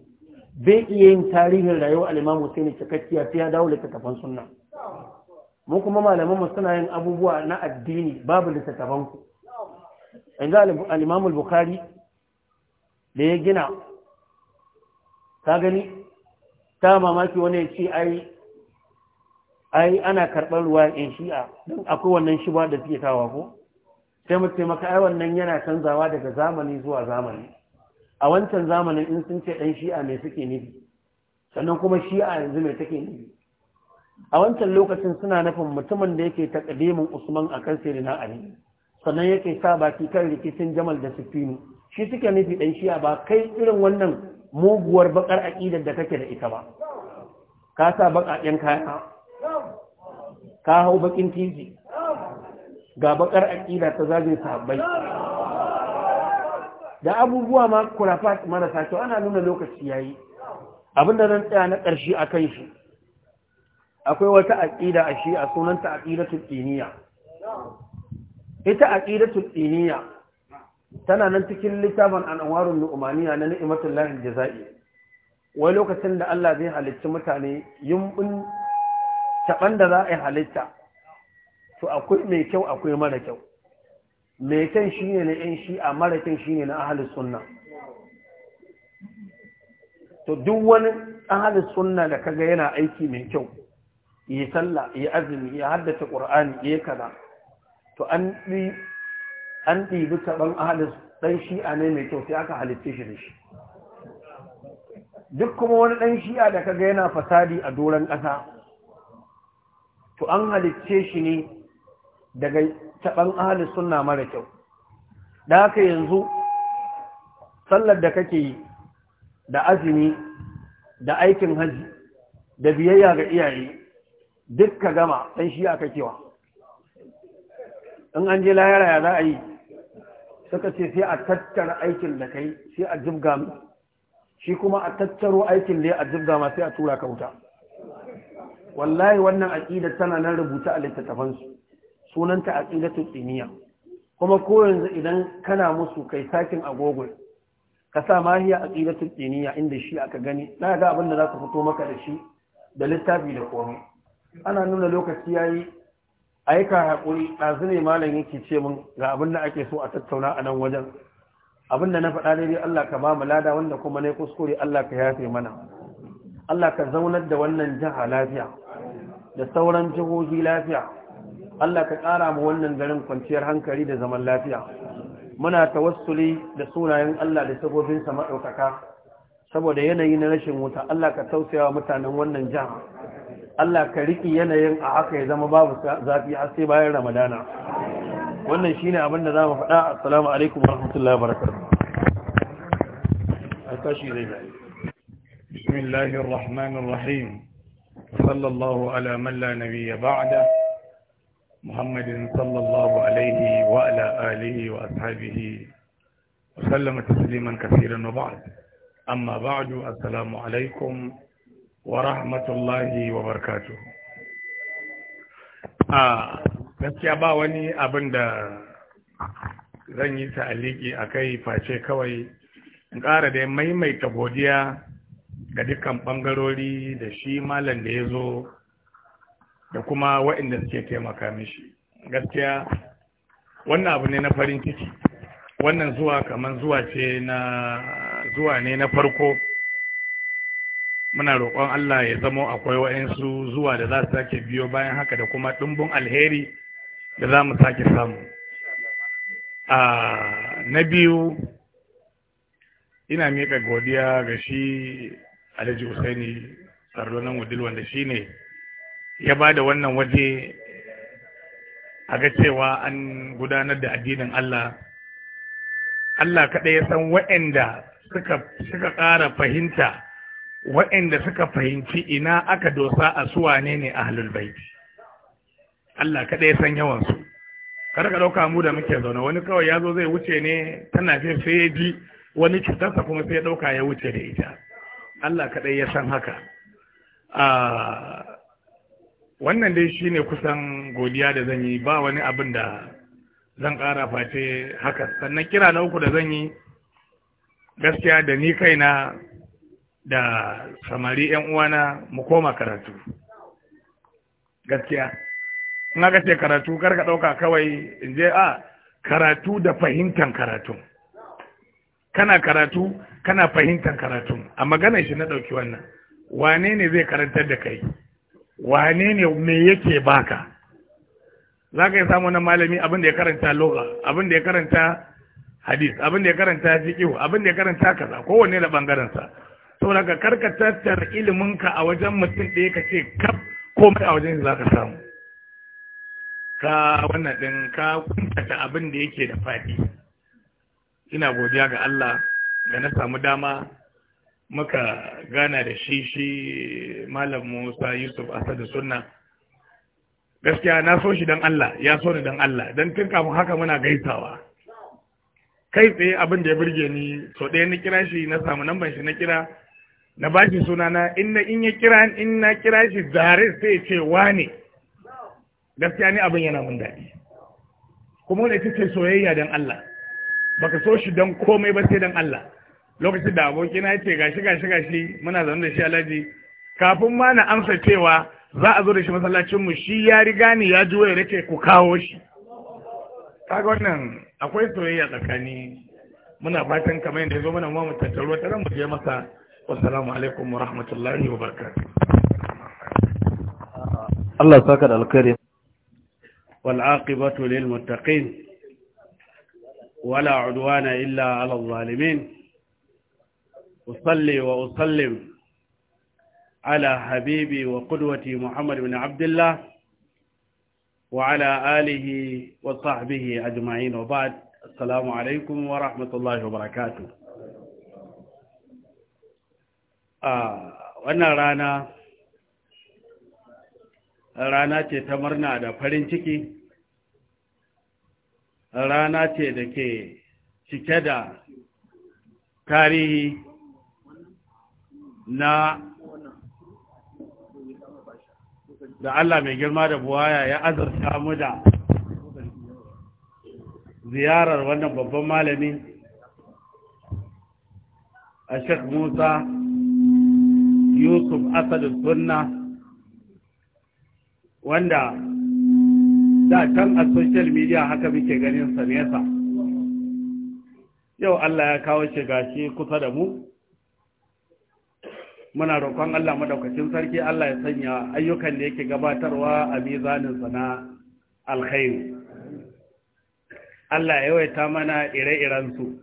bai iya yin tarihin rayuwar al'imamu Hussein cikakkiya sai ya dawo littattafan sunna mu kuma malaman mu suna yin abubuwa na addini babu littattafan ku yanzu al-Imam al-Bukhari da ya gina ka gani ta mamaki wani ya ce ai ai ana karɓar ruwa in shi'a don akwai wannan shiba da suke tawa ko sai mu ce maka ai wannan yana canzawa daga zamani zuwa zamani a wancan zamanin in sun ce ɗan shi'a mai suke nufi sannan kuma shi'a yanzu mai take nufi a wancan lokacin suna nufin mutumin da yake takadimin usman a kan na ali sannan yake sa baki kan rikicin jamal da sufini shi suke nufi dan shi ba kai irin wannan muguwar bakar aƙidar da kake da ita ba ka sa bakaƙen kaya ka hau bakin titi ga bakar aqida ta zagin sahabbai da abubuwa ma kurafat marasa kyau ana nuna lokaci yayi abinda nan tsaya na ƙarshe a kan shi akwai wata aƙida a shi'a sunanta aqidatul diniya ita aqidatul diniya tana nan cikin littafin anwarun nu'maniya na ni'matul lahi jazai wai lokacin da Allah zai halicci mutane yin bin taban da za a halitta to akwai mai kyau akwai mara kyau mai kyan shine na yan shi'a mara kyan shine na ahlus sunna to duk wani ahalin sunna da kaga yana aiki mai kyau yi sallah yi azumi ya haddace qur'ani ya kaza to an ɗi an ɗibi taɓan ahalis ɗan shi'a ne mai kyau sai aka halitta shi da shi duk kuma wani ɗan shi'a da kaga yana fasadi a doron ƙasa to an halicce shi ne daga taɓan ahalis suna mara kyau da haka yanzu sallar da kake yi da azumi da aikin hajji da biyayya ga iyaye duk ka gama ɗan shi aka kewa in an je layara ya za a yi suka ce sai a tattara aikin da kai sai a jibga shi kuma a tattaro aikin da ya a jibga ma sai a tura ka wuta wallahi wannan aƙida tana nan rubuta a littattafansu sunanta aƙidatu tsiniya kuma ko yanzu idan kana musu kai sakin agogo ka sa mahiya aƙidatu tsiniya inda shi aka gani na ga abin da za ka fito maka da shi da littafi da komai ana nuna lokaci yayi aika haƙuri ɗazu ne malam yake ce min ga abin da ake so a tattauna a nan wajen abin da na faɗa daidai Allah ka ba mu lada wanda kuma ne kuskure Allah ka yafe mana Allah ka zaunar da wannan jiha lafiya da sauran jihohi lafiya Allah ka ƙara mu wannan garin kwanciyar hankali da zaman lafiya muna tawassuli da sunayen Allah da sa maɗaukaka saboda yanayi na rashin wuta Allah ka tausaya wa mutanen wannan jiha Allah ka riki yanayin a haka ya zama babu zafi har sai bayan ramadana wannan shine abin da zamu faɗa assalamu alaikum warahmatullahi wabarakatuh tashi zai zai bismillahir rahmanir rahim sallallahu ala man la nabiyya ba'da muhammadin sallallahu alaihi wa ala alihi wa ashabihi wa sallama tasliman kaseeran wa ba'd amma ba'du assalamu alaikum wa rahmatullahi wa barkatu. a gaskiya ba wani abin da zan yi ta'aliki a kai face kawai in ƙara da maimaita godiya ga dukkan ɓangarori da shi malam da ya zo da kuma waɗanda suke taimaka mishi gaskiya wannan abu ne na farin ciki wannan zuwa kamar zuwa ce na zuwa ne na farko muna roƙon Allah ya zamo akwai wa'insu zuwa da za su sake biyo bayan haka da kuma ɗumbin alheri da za mu sake samu. Na biyu, ina miƙa godiya ga shi Alhaji Usaini Sardonan Wudil wanda shi ne ya ba da wannan waje a ga cewa an gudanar da addinin Allah. Allah kaɗai ya san waɗanda suka ƙara fahimta. waɗanda suka fahimci ina aka dosa a suwane ne ahlul baiti Allah kada ya san yawan su kada ka dauka mu da muke zaune wani kawai yazo zai wuce ne tana fi sai ya ji wani cutarsa kuma sai ya dauka ya wuce da ita Allah kaɗai ya san haka wannan dai shine kusan godiya da zan yi ba wani abin da zan ƙara face haka sannan kira na uku da zan yi gaskiya da ni kaina da samari yan uwana mu koma karatu gaskiya in aka ce karatu kar ka ɗauka kawai in je a ah, karatu da fahimtar karatu kana karatu kana fahimtar karatu a magana shi na ɗauki wannan wane ne zai karantar da kai wane ne me yake baka za ka yi samu na malami abin da ya karanta loga abin da ya karanta hadis abin da ya karanta fiqh abin da ya karanta kaza kowanne da ɓangarensa. saboda ka karka tattara iliminka a wajen mutum ɗaya ka ce kaf komai a wajen za ka samu ka wannan ɗin ka kuntata abin da yake da faɗi ina godiya ga Allah da na samu dama muka gana da shi shi malam Musa Yusuf Asadu Sunna gaskiya na so shi don Allah ya so ni don Allah don tun kafin haka muna gaisawa kai tsaye abin da ya burge ni so ɗaya na kira shi na samu namban shi na kira na bashi suna na inna in ya kira in na kira shi zare sai ce wane gaskiya ne abin yana mun daɗi kuma wanda ce soyayya dan Allah baka so shi dan komai ba sai dan Allah lokacin da abokina ya ce gashi gashi gashi muna zaune da shi alaji kafin ma na amsa cewa za a zo da shi masallacin mu shi ya riga ni ya juwa ya rike ku kawo shi kaga wannan akwai soyayya tsakani muna fatan kamar yadda ya zo mana mu tattaro ta ran mu je masa والسلام عليكم ورحمة الله وبركاته الله ساكر الكريم والعاقبة للمتقين ولا عدوان إلا على الظالمين أصلي وأسلم على حبيبي وقدوتي محمد بن عبد الله وعلى آله وصحبه أجمعين وبعد السلام عليكم ورحمة الله وبركاته A wannan rana rana ce ta murna da farin ciki rana ce da ke cike da tarihi na da Allah mai girma da buwaya ya azurta mu da ziyarar wannan babban malami a Sheikh Musa yusuf Asadus sunna wanda da can a social media haka muke ganin sa nesa yau Allah ya kawo shi gashi kusa da mu muna roƙon Allah madaukakin sarki Allah ya sanya ayyukan da yake gabatarwa a mizanin na alkhairi Allah ya yawaita mana ire-irensu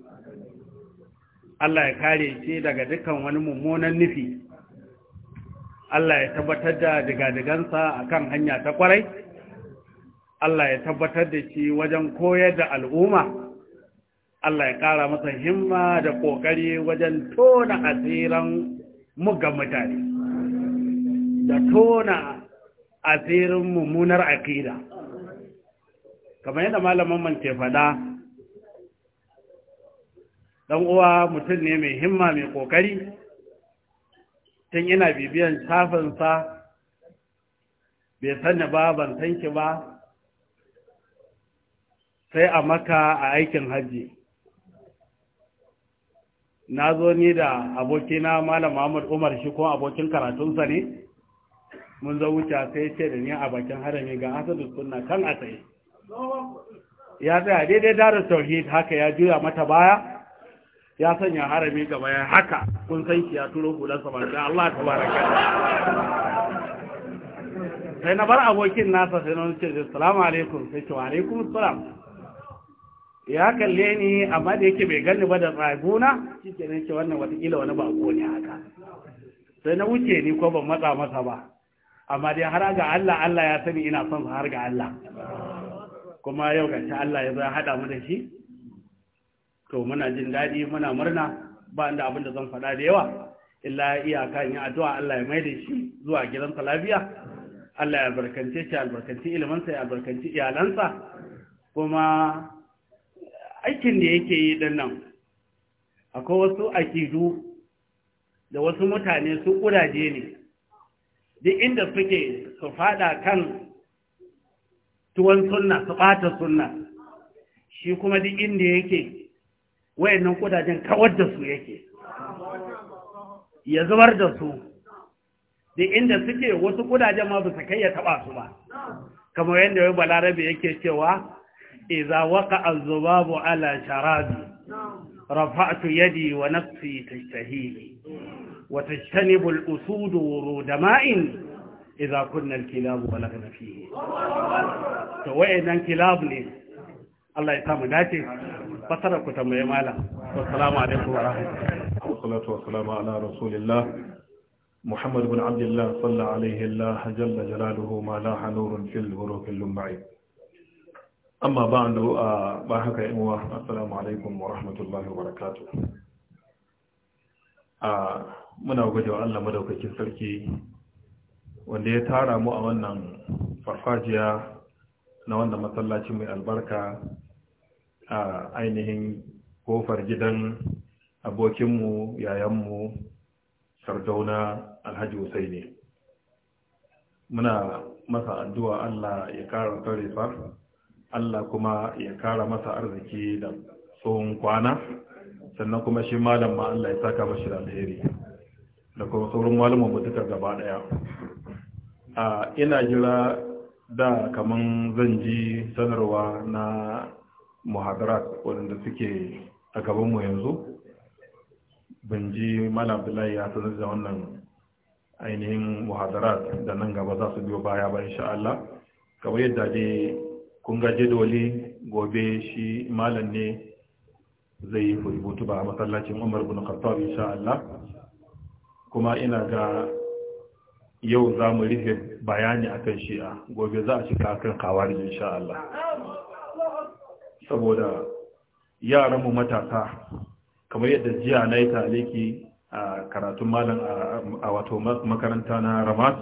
Allah ya kare shi daga dukkan wani mummunan nufi Allah ya tabbatar da digadigansa a kan hanya ta kwarai, Allah ya tabbatar da shi wajen koyar da al'umma, Allah ya ƙara masa himma da ƙoƙari wajen tona asirin muga mutane, da tona asirin mummunar akida. Kamar yadda malaman man ke faɗa, uwa mutum ne mai himma mai ƙoƙari, tun yana bibiyan shafinsa bai sani ba ban san ki ba sai a maka a aikin hajji na zo ni da abokina malam Muhammad Umar shi ko abokin karatunsa ne mun zo wuce sai ce da ni a bakin harami ga asadu sunna kan a tsaye ya tsaya daidai darar tauhid haka ya juya mata baya ya sanya harami gaba ya haka kun san shi ya turo hulansa manzan Allah ta baraka sai na bar abokin nasa sai na wani ce assalamu alaikum sai ce wa alaikum assalam ya kalle ni amma da yake bai gani ba da tsaguna shi ke ce wannan kila wani bako ne haka sai na wuce ni ko ban matsa masa ba amma dai har ga Allah Allah ya sani ina son har ga Allah kuma yau gashi Allah ya zo ya haɗa mu da shi to muna jin daɗi muna murna ba inda abin da zan faɗa da yawa illa iyaka in yi addu'a Allah ya mai da shi zuwa gidansa lafiya Allah ya barkance shi albarkanci ilimansa ya albarkanci iyalansa kuma aikin da yake yi din nan akwai wasu akidu da wasu mutane su kudaje ne duk inda suke su fada kan tuwon sunna su ɓata sunna shi kuma duk inda yake wayannan kudajen kawar da su yake ya zubar da su da inda suke wasu kudajen ma ba su kai ya taba su ba kamar yadda wai balarabe yake cewa iza waka azubabu ala sharabi rafa'tu yadi wa nafsi tashtahihi wa tajtanibu al-usud wurud ma'in idza kunna al-kilab balagna fihi to wayannan kilab ne Allah ya samu dace fasarar ku tambaye malam assalamu alaikum wa rahmatullahi wa salatu wa salamu ala rasulillah محمد بن عبد الله صلى عليه الله جل جلاله ما لاح نور في البروك اللمعي أما بعد بحق إموة السلام عليكم ورحمة الله وبركاته muna gode wa Allah madaukakin sarki wanda ya tara mu a wannan farfajiya na wannan masallaci mai albarka a ainihin kofar gidan abokinmu yayanmu sardauna alhaji ne muna masa addu'a Allah ya kara tarifa Allah kuma ya kara masa arziki da tsohon kwana sannan kuma shi malam ma Allah ya saka mashi da alheri da kuma sauran malamin mu gaba daya a ina jira da kaman zan ji sanarwa na muhadarat waɗanda suke a gabanmu yanzu ban ji mala abdullahi ya sanar da wannan ainihin muhadarat da nan gaba za su biyo baya ba insha Allah kamar yadda dai kun ga jadawali gobe shi malam ne zai yi rubutu ba a masallacin Umar bin Khattab insha Allah kuma ina ga yau za mu rufe bayani akan shi'a gobe za a cika akan kawar insha Allah saboda yaran mu matasa kamar yadda jiya na yi taliki a karatun malam a wato makaranta na ramat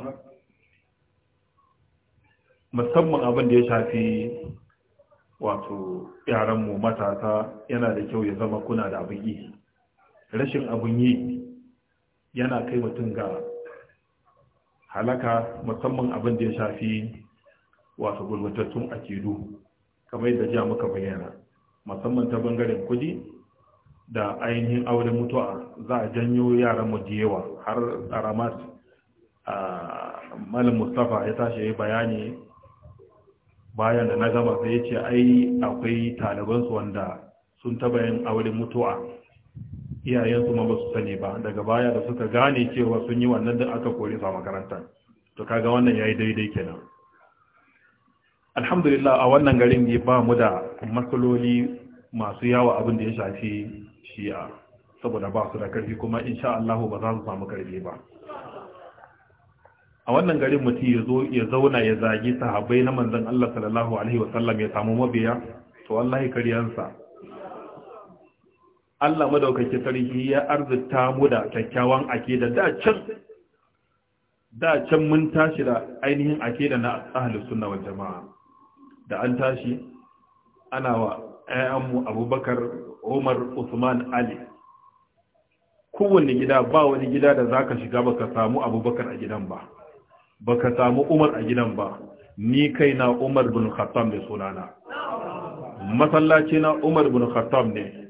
musamman abin da ya shafi wato yaran mu matasa yana da kyau ya zama kuna da abin yi rashin abin yi yana kai mutum ga halaka musamman abin da ya shafi wato gulmatattun akidu kamar yadda ja muka bayyana musamman ta bangaren kudi da ainihin auren mutuwa za a janyo yaran mu yawa har a ramat malam mustapha ya tashi ya yi bayani bayan da na gama sai ya ce ai akwai talibansu wanda sun taba yin auren mutuwa iyayensu ma ba su sani ba daga baya da suka gane cewa sun yi wannan da aka kori su a makarantar to kaga wannan yayi daidai kenan alhamdulillah a wannan garin ne ba mu da matsaloli masu yawa abin da ya shafi shi'a saboda ba su da karfi kuma insha Allah ba za su samu karfi ba a wannan garin mutum ya zo ya zauna ya zagi sahabbai na manzon Allah sallallahu alaihi wasallam ya samu mabiya to wallahi kariyansa Allah madaukake sarki ya arzuta mu da kyakkyawan akida da can da can mun tashi da ainihin akida na ahlus sunna wal jamaa da an tashi ana wa ‘ya'yanmu abubakar umar usman ali kowanne gida ba wani gida da za ka shiga baka samu abubakar a gidan ba baka samu umar a gidan ba ni kai na umar bin khattam da sunana masallaci na umar bin khattam ne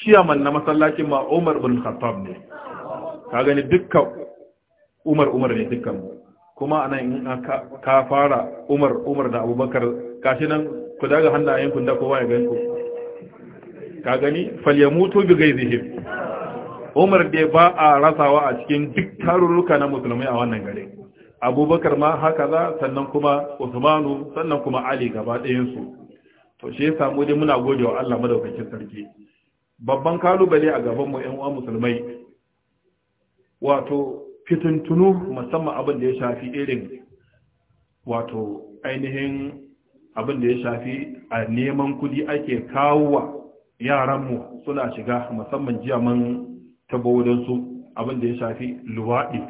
ciyaman na masallacin ma umar bin khattam ne ka gani dukkan umar umar ne dukkan kuma anan in ka fara umar umar da abubakar kashi nan ku daga hannayen kun da kowa ya gan ku ka gani falyamutu bi ghaizihim Umar dai ba a rasawa a cikin duk tarurruka na musulmai a wannan gare Abubakar ma haka za sannan kuma Usmanu sannan kuma Ali gaba ɗayansu. to shi ya samu dai muna gode wa Allah madaukakin sarki babban kalubale a gaban mu ƴan uwa musulmai wato fitintunu musamman abin da ya shafi irin wato ainihin abin da ya shafi a neman kudi ake kawo wa yaranmu suna shiga musamman jiya man tabo wadansu abin da ya shafi luwaɗi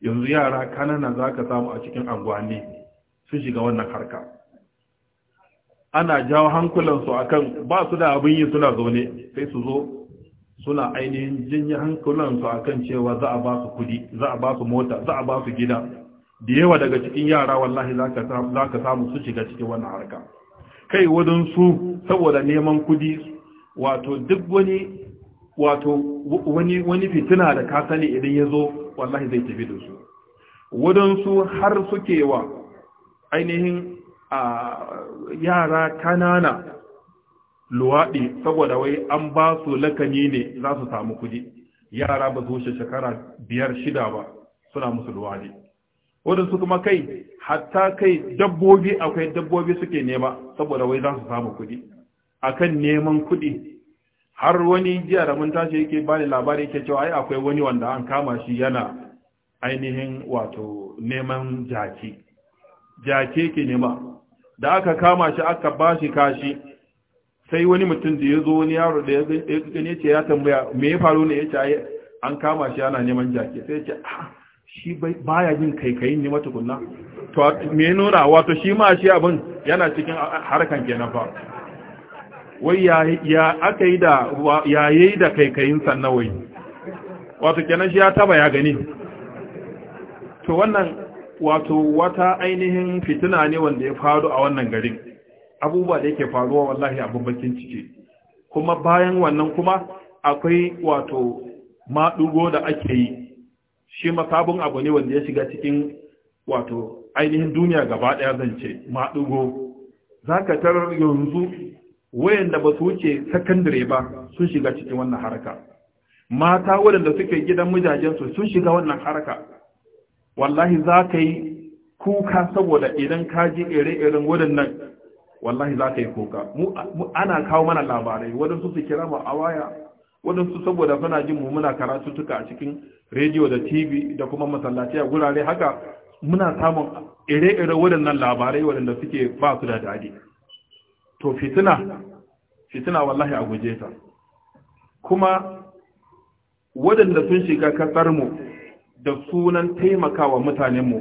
yanzu yara kanana za ka samu a cikin anguwanni sun shiga wannan harka ana jawo hankulansu akan ba su da abin yi suna zaune sai su zo suna ainihin jinya hankulansu akan cewa za a ba su kudi za a ba su mota za a ba su gida da yawa daga cikin yara wallahi za ka samu su shiga cikin wannan harka kai wadansu su saboda neman kudi wato duk wani wato wani fitina da ka sani idan ya zo wallahi zai tafi da su Wadansu har suke wa ainihin yara kanana luwaɗi saboda wai an ba su lakani ne za su samu kudi yara ba su wuce shekara biyar shida ba suna musu luwaɗi waɗansu kuma kai hatta kai dabbobi akwai dabbobi suke nema saboda wai za su samu kuɗi akan neman kuɗi har wani jiya da mun tashi yake bani labari yake cewa ai akwai wani wanda an kama shi yana ainihin wato neman jaki jaki ke nema da aka kama shi aka ba shi kashi sai wani mutum da ya zo wani yaro da ya ya ce ya tambaya me ya faru ne ya ce an kama shi yana neman jaki sai ya ce ah, shi baya jin kaikayin ne matukunna to me nuna wato shi ma shi abin yana cikin harkan kenan fa wai ya ya akai da ya yi da kaikayin san wai wato kenan shi ya taba ya gani to wannan wato wata ainihin fitina ne wanda ya faru a wannan garin abubuwa da yake faruwa wallahi abun bakin ciki kuma bayan wannan kuma akwai wato maɗugo da ake yi shi ma abu ne wanda ya shiga cikin wato ainihin duniya gaba ɗaya zan ce maɗugo za ka tarar yanzu wayanda ba su wuce sakandare ba sun shiga cikin wannan haraka mata waɗanda suke gidan mijajensu sun shiga wannan haraka wallahi za ka yi kuka saboda idan ka ji ire-iren waɗannan wallahi za ka yi kuka mu ana kawo mana labarai waɗansu su kira mu a waya waɗansu saboda suna jin mu muna karatu tuka a cikin rediyo da tv da kuma masallaci a gurare haka muna samun ire-ire waɗannan labarai waɗanda suke ba su da daɗi to fitina fitina wallahi a guje ta kuma waɗanda sun shiga ƙasarmu da sunan taimakawa mutanenmu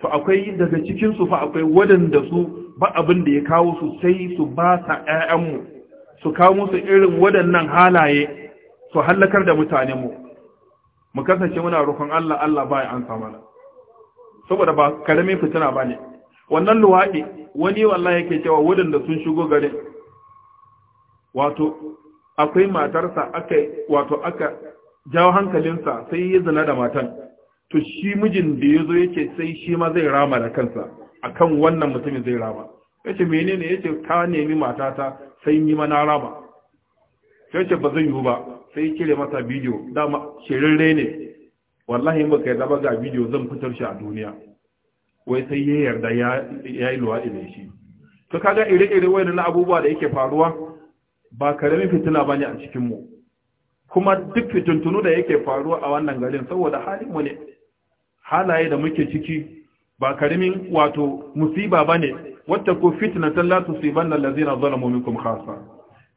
to akwai daga cikinsu fa akwai waɗanda su ba abin da ya kawo su sai su ba sa ‘ya'yanmu su kawo musu irin waɗannan halaye su hallakar da mutanenmu mu kasance muna roƙon Allah Allah ba ya ansa mana saboda ba karamin fitina ba ne wannan luwaɗi wani wallahi yake cewa wadanda sun shigo garin wato akwai matarsa aka wato aka jawo hankalinsa sai ya zina da matan to shi mijin da ya zo yake sai shi ma zai rama da kansa akan wannan mutumin zai rama yace menene yace ka nemi matata sai ni ma na rama cewa ba zai yiwu ba sai kire masa bidiyo dama shirarre ne wallahi ba kai zama ga bidiyo zan fitar shi a duniya wai sai ya yarda ya yi luwa da shi to kaga ire-ire wani na abubuwa da yake faruwa ba karamin fitina bane a cikinmu. kuma duk fitintunu da yake faruwa a wannan garin saboda halin mu ne halaye da muke ciki ba karamin wato musiba ba ne. wata ko fitnatan la tusibanna allazina zalamu minkum khassa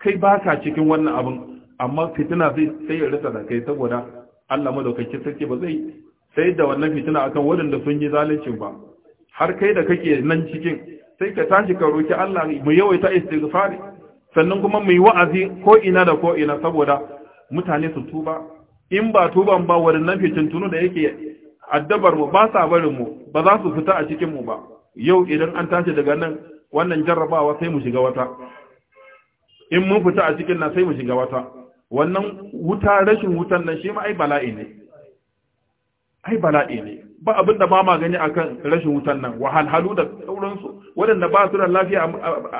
kai ba cikin wannan abin amma fitina sai ya rasa da kai saboda Allah madaukakin sarki ba zai sai da wannan fitina akan wadanda sun yi zalunci ba har kai da kake nan cikin sai ka tashi ka roki Allah mu yawaita istighfari sannan kuma mu yi wa'azi ko ina da ko ina saboda mutane su tuba in ba tuban ba fitin tunu da yake addabar mu ba sa barin mu ba za su fita a cikin mu ba yau idan an tashi daga nan wannan jarrabawa sai mu shiga wata in mun fita a cikin nan sai mu shiga wata wannan wuta rashin wutan nan shi ma ai bala'i ne ai bala'i ne ba abin da ba ma gani akan rashin wutan nan wahalhalu da sauransu waɗanda ba su da lafiya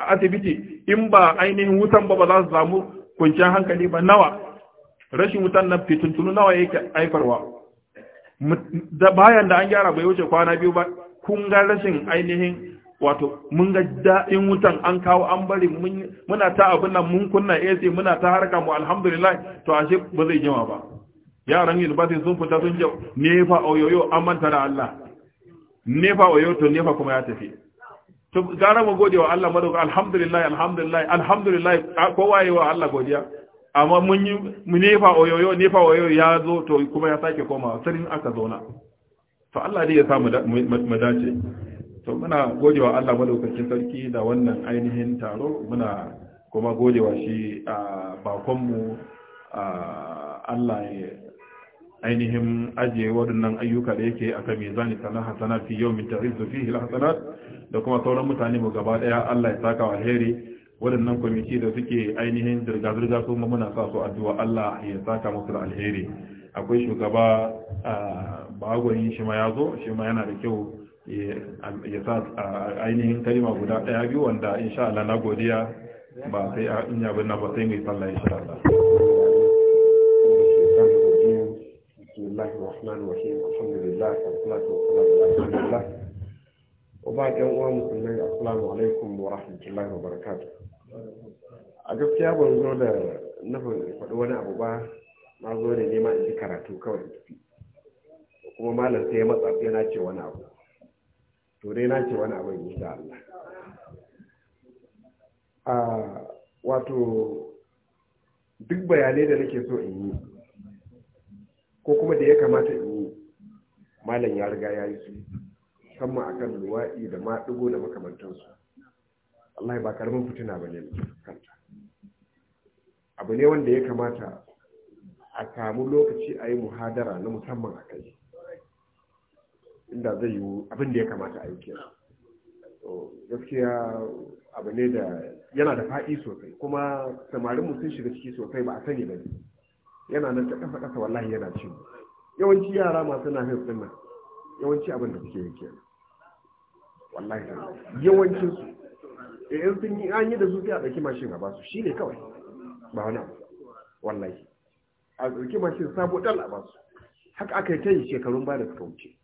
a asibiti in ba ainihin wutan ba ba za su samu kwanciyar hankali ba nawa rashin wutan nan fitintunu nawa yake aifarwa da bayan da an gyara bai wuce kwana biyu ba kun ga rashin ainihin wato mun ga daɗin wutan an kawo an bari muna ta abin nan mun kunna AC muna ta harka mu alhamdulillah to ashe ba zai jima ba yaran university sun fita sun je nefa oyoyo an manta da Allah nefa oyoyo to nefa kuma ya tafi to gara mu gode wa Allah madauka alhamdulillah alhamdulillah alhamdulillah ko waye wa Allah godiya amma mun yi nefa oyoyo nefa oyoyo ya zo to kuma ya sake komawa sarin aka zauna to Allah dai ya samu mu dace to muna godewa Allah madaukakin sarki da wannan ainihin taro muna kuma godewa shi a bakonmu Allah ya ainihin ajiye waɗannan ayyuka da yake a kan zani sanar hasana fi yau min tarizu fi hasanat da kuma sauran mutane mu gaba ɗaya Allah ya saka wa alheri waɗannan kwamiti da suke ainihin zirga-zirga su muna sa su addu'a Allah ya saka musu da alheri akwai shugaba a bagoyin shi ma ya zo shi yana da kyau Yasa sa ainihin kalima guda ɗaya biyu wanda insha Allah na godiya ba sai a inya bin na ba sai mai sallah insha Allah gaskiya ban zo da nufin wani abu ba na da nema in ji karatu kawai kuma malam sai ya matsa sai na ce wani abu to dai na ce wani abin insha Allah a wato duk bayanai da nake so in yi ko kuma da ya kamata in yi malam ya riga ya yi su musamman akan luwaɗi da maɗigo da makamantansu Allah ba karamin fitina ba ne kanta abu ne wanda ya kamata a samu lokaci a yi muhadara na musamman a kai inda zai yi abin da ya kamata a yi kenan gaskiya abu ne da yana da faɗi sosai kuma samarin sun shiga ciki sosai ba a sani ba yana nan ta kafa kasa wallahi yana ci yawanci yara masu na hin nan yawanci abin da suke yake wallahi yawancin su eh, in sun yi an yi da su sai a ɗauki mashin a basu shi ne kawai ba wani abu wallahi a ɗauki mashin sabo dal a basu haka aka yi ta yi shekarun ba da suka wuce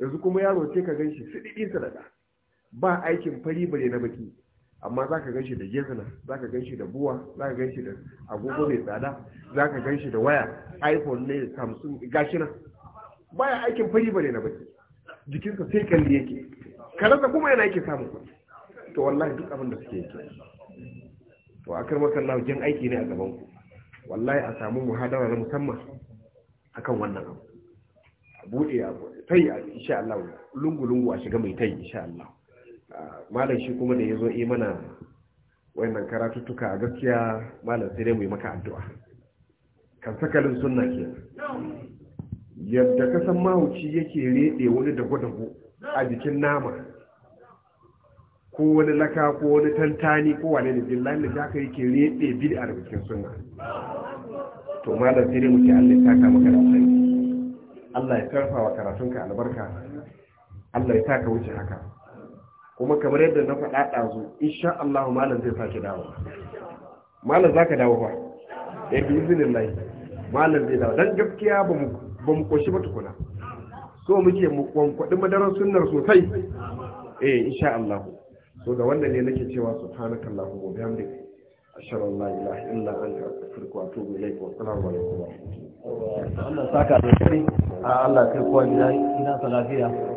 yanzu kuma yaro ce ka ganshi sididin sadaka ba aikin fari bare na baki amma za ka ganshi da gezina za ka ganshi da buwa za ka ganshi da agogo mai tsada za ka ganshi da waya iphone ne samsung gashi Ba baya aikin fari bare na baki jikinsa sai kalli yake karansa kuma yana yake samun kuɗi to wallahi duk abin da suke yake to akar makallahu jin aiki ne a gaban ku wallahi a samu muhadara na musamman akan wannan abu Bude buɗe a tai a insha Allah lungu lungu a shiga mai tai insha Allah ah, malam shi kuma da yazo yi mana wayannan karatuttuka a gaskiya malam sai dai mu yi maka addu'a kan sakalin sunna ke yadda ka san mahauci yake rede wani dago-dago a jikin nama ko wani laka ko wani tantani ko wani da billahi da kai yake rede bid'a da cikin sunna to malam sai dai mu ci Allah ta kama maka da Allah ya karfa wa karatunka albarka Allah ya taka wuce haka kuma kamar yadda na faɗa ɗazu insha Allah malam zai sake dawo malam zaka dawo fa ya eh, bi izinin lai malam zai dawo dan gaskiya ba mu ba mu koshi ba tukuna so muke mu kwankwaɗi madarar sunnar sosai eh insha Allah so da wannan ne nake cewa subhanakallahumma wa bihamdika ashhadu an la illa anta astaghfiruka wa atubu ilayk wa assalamu alaikum Allah saka da a Allah kai kowa gida ina sa lafiya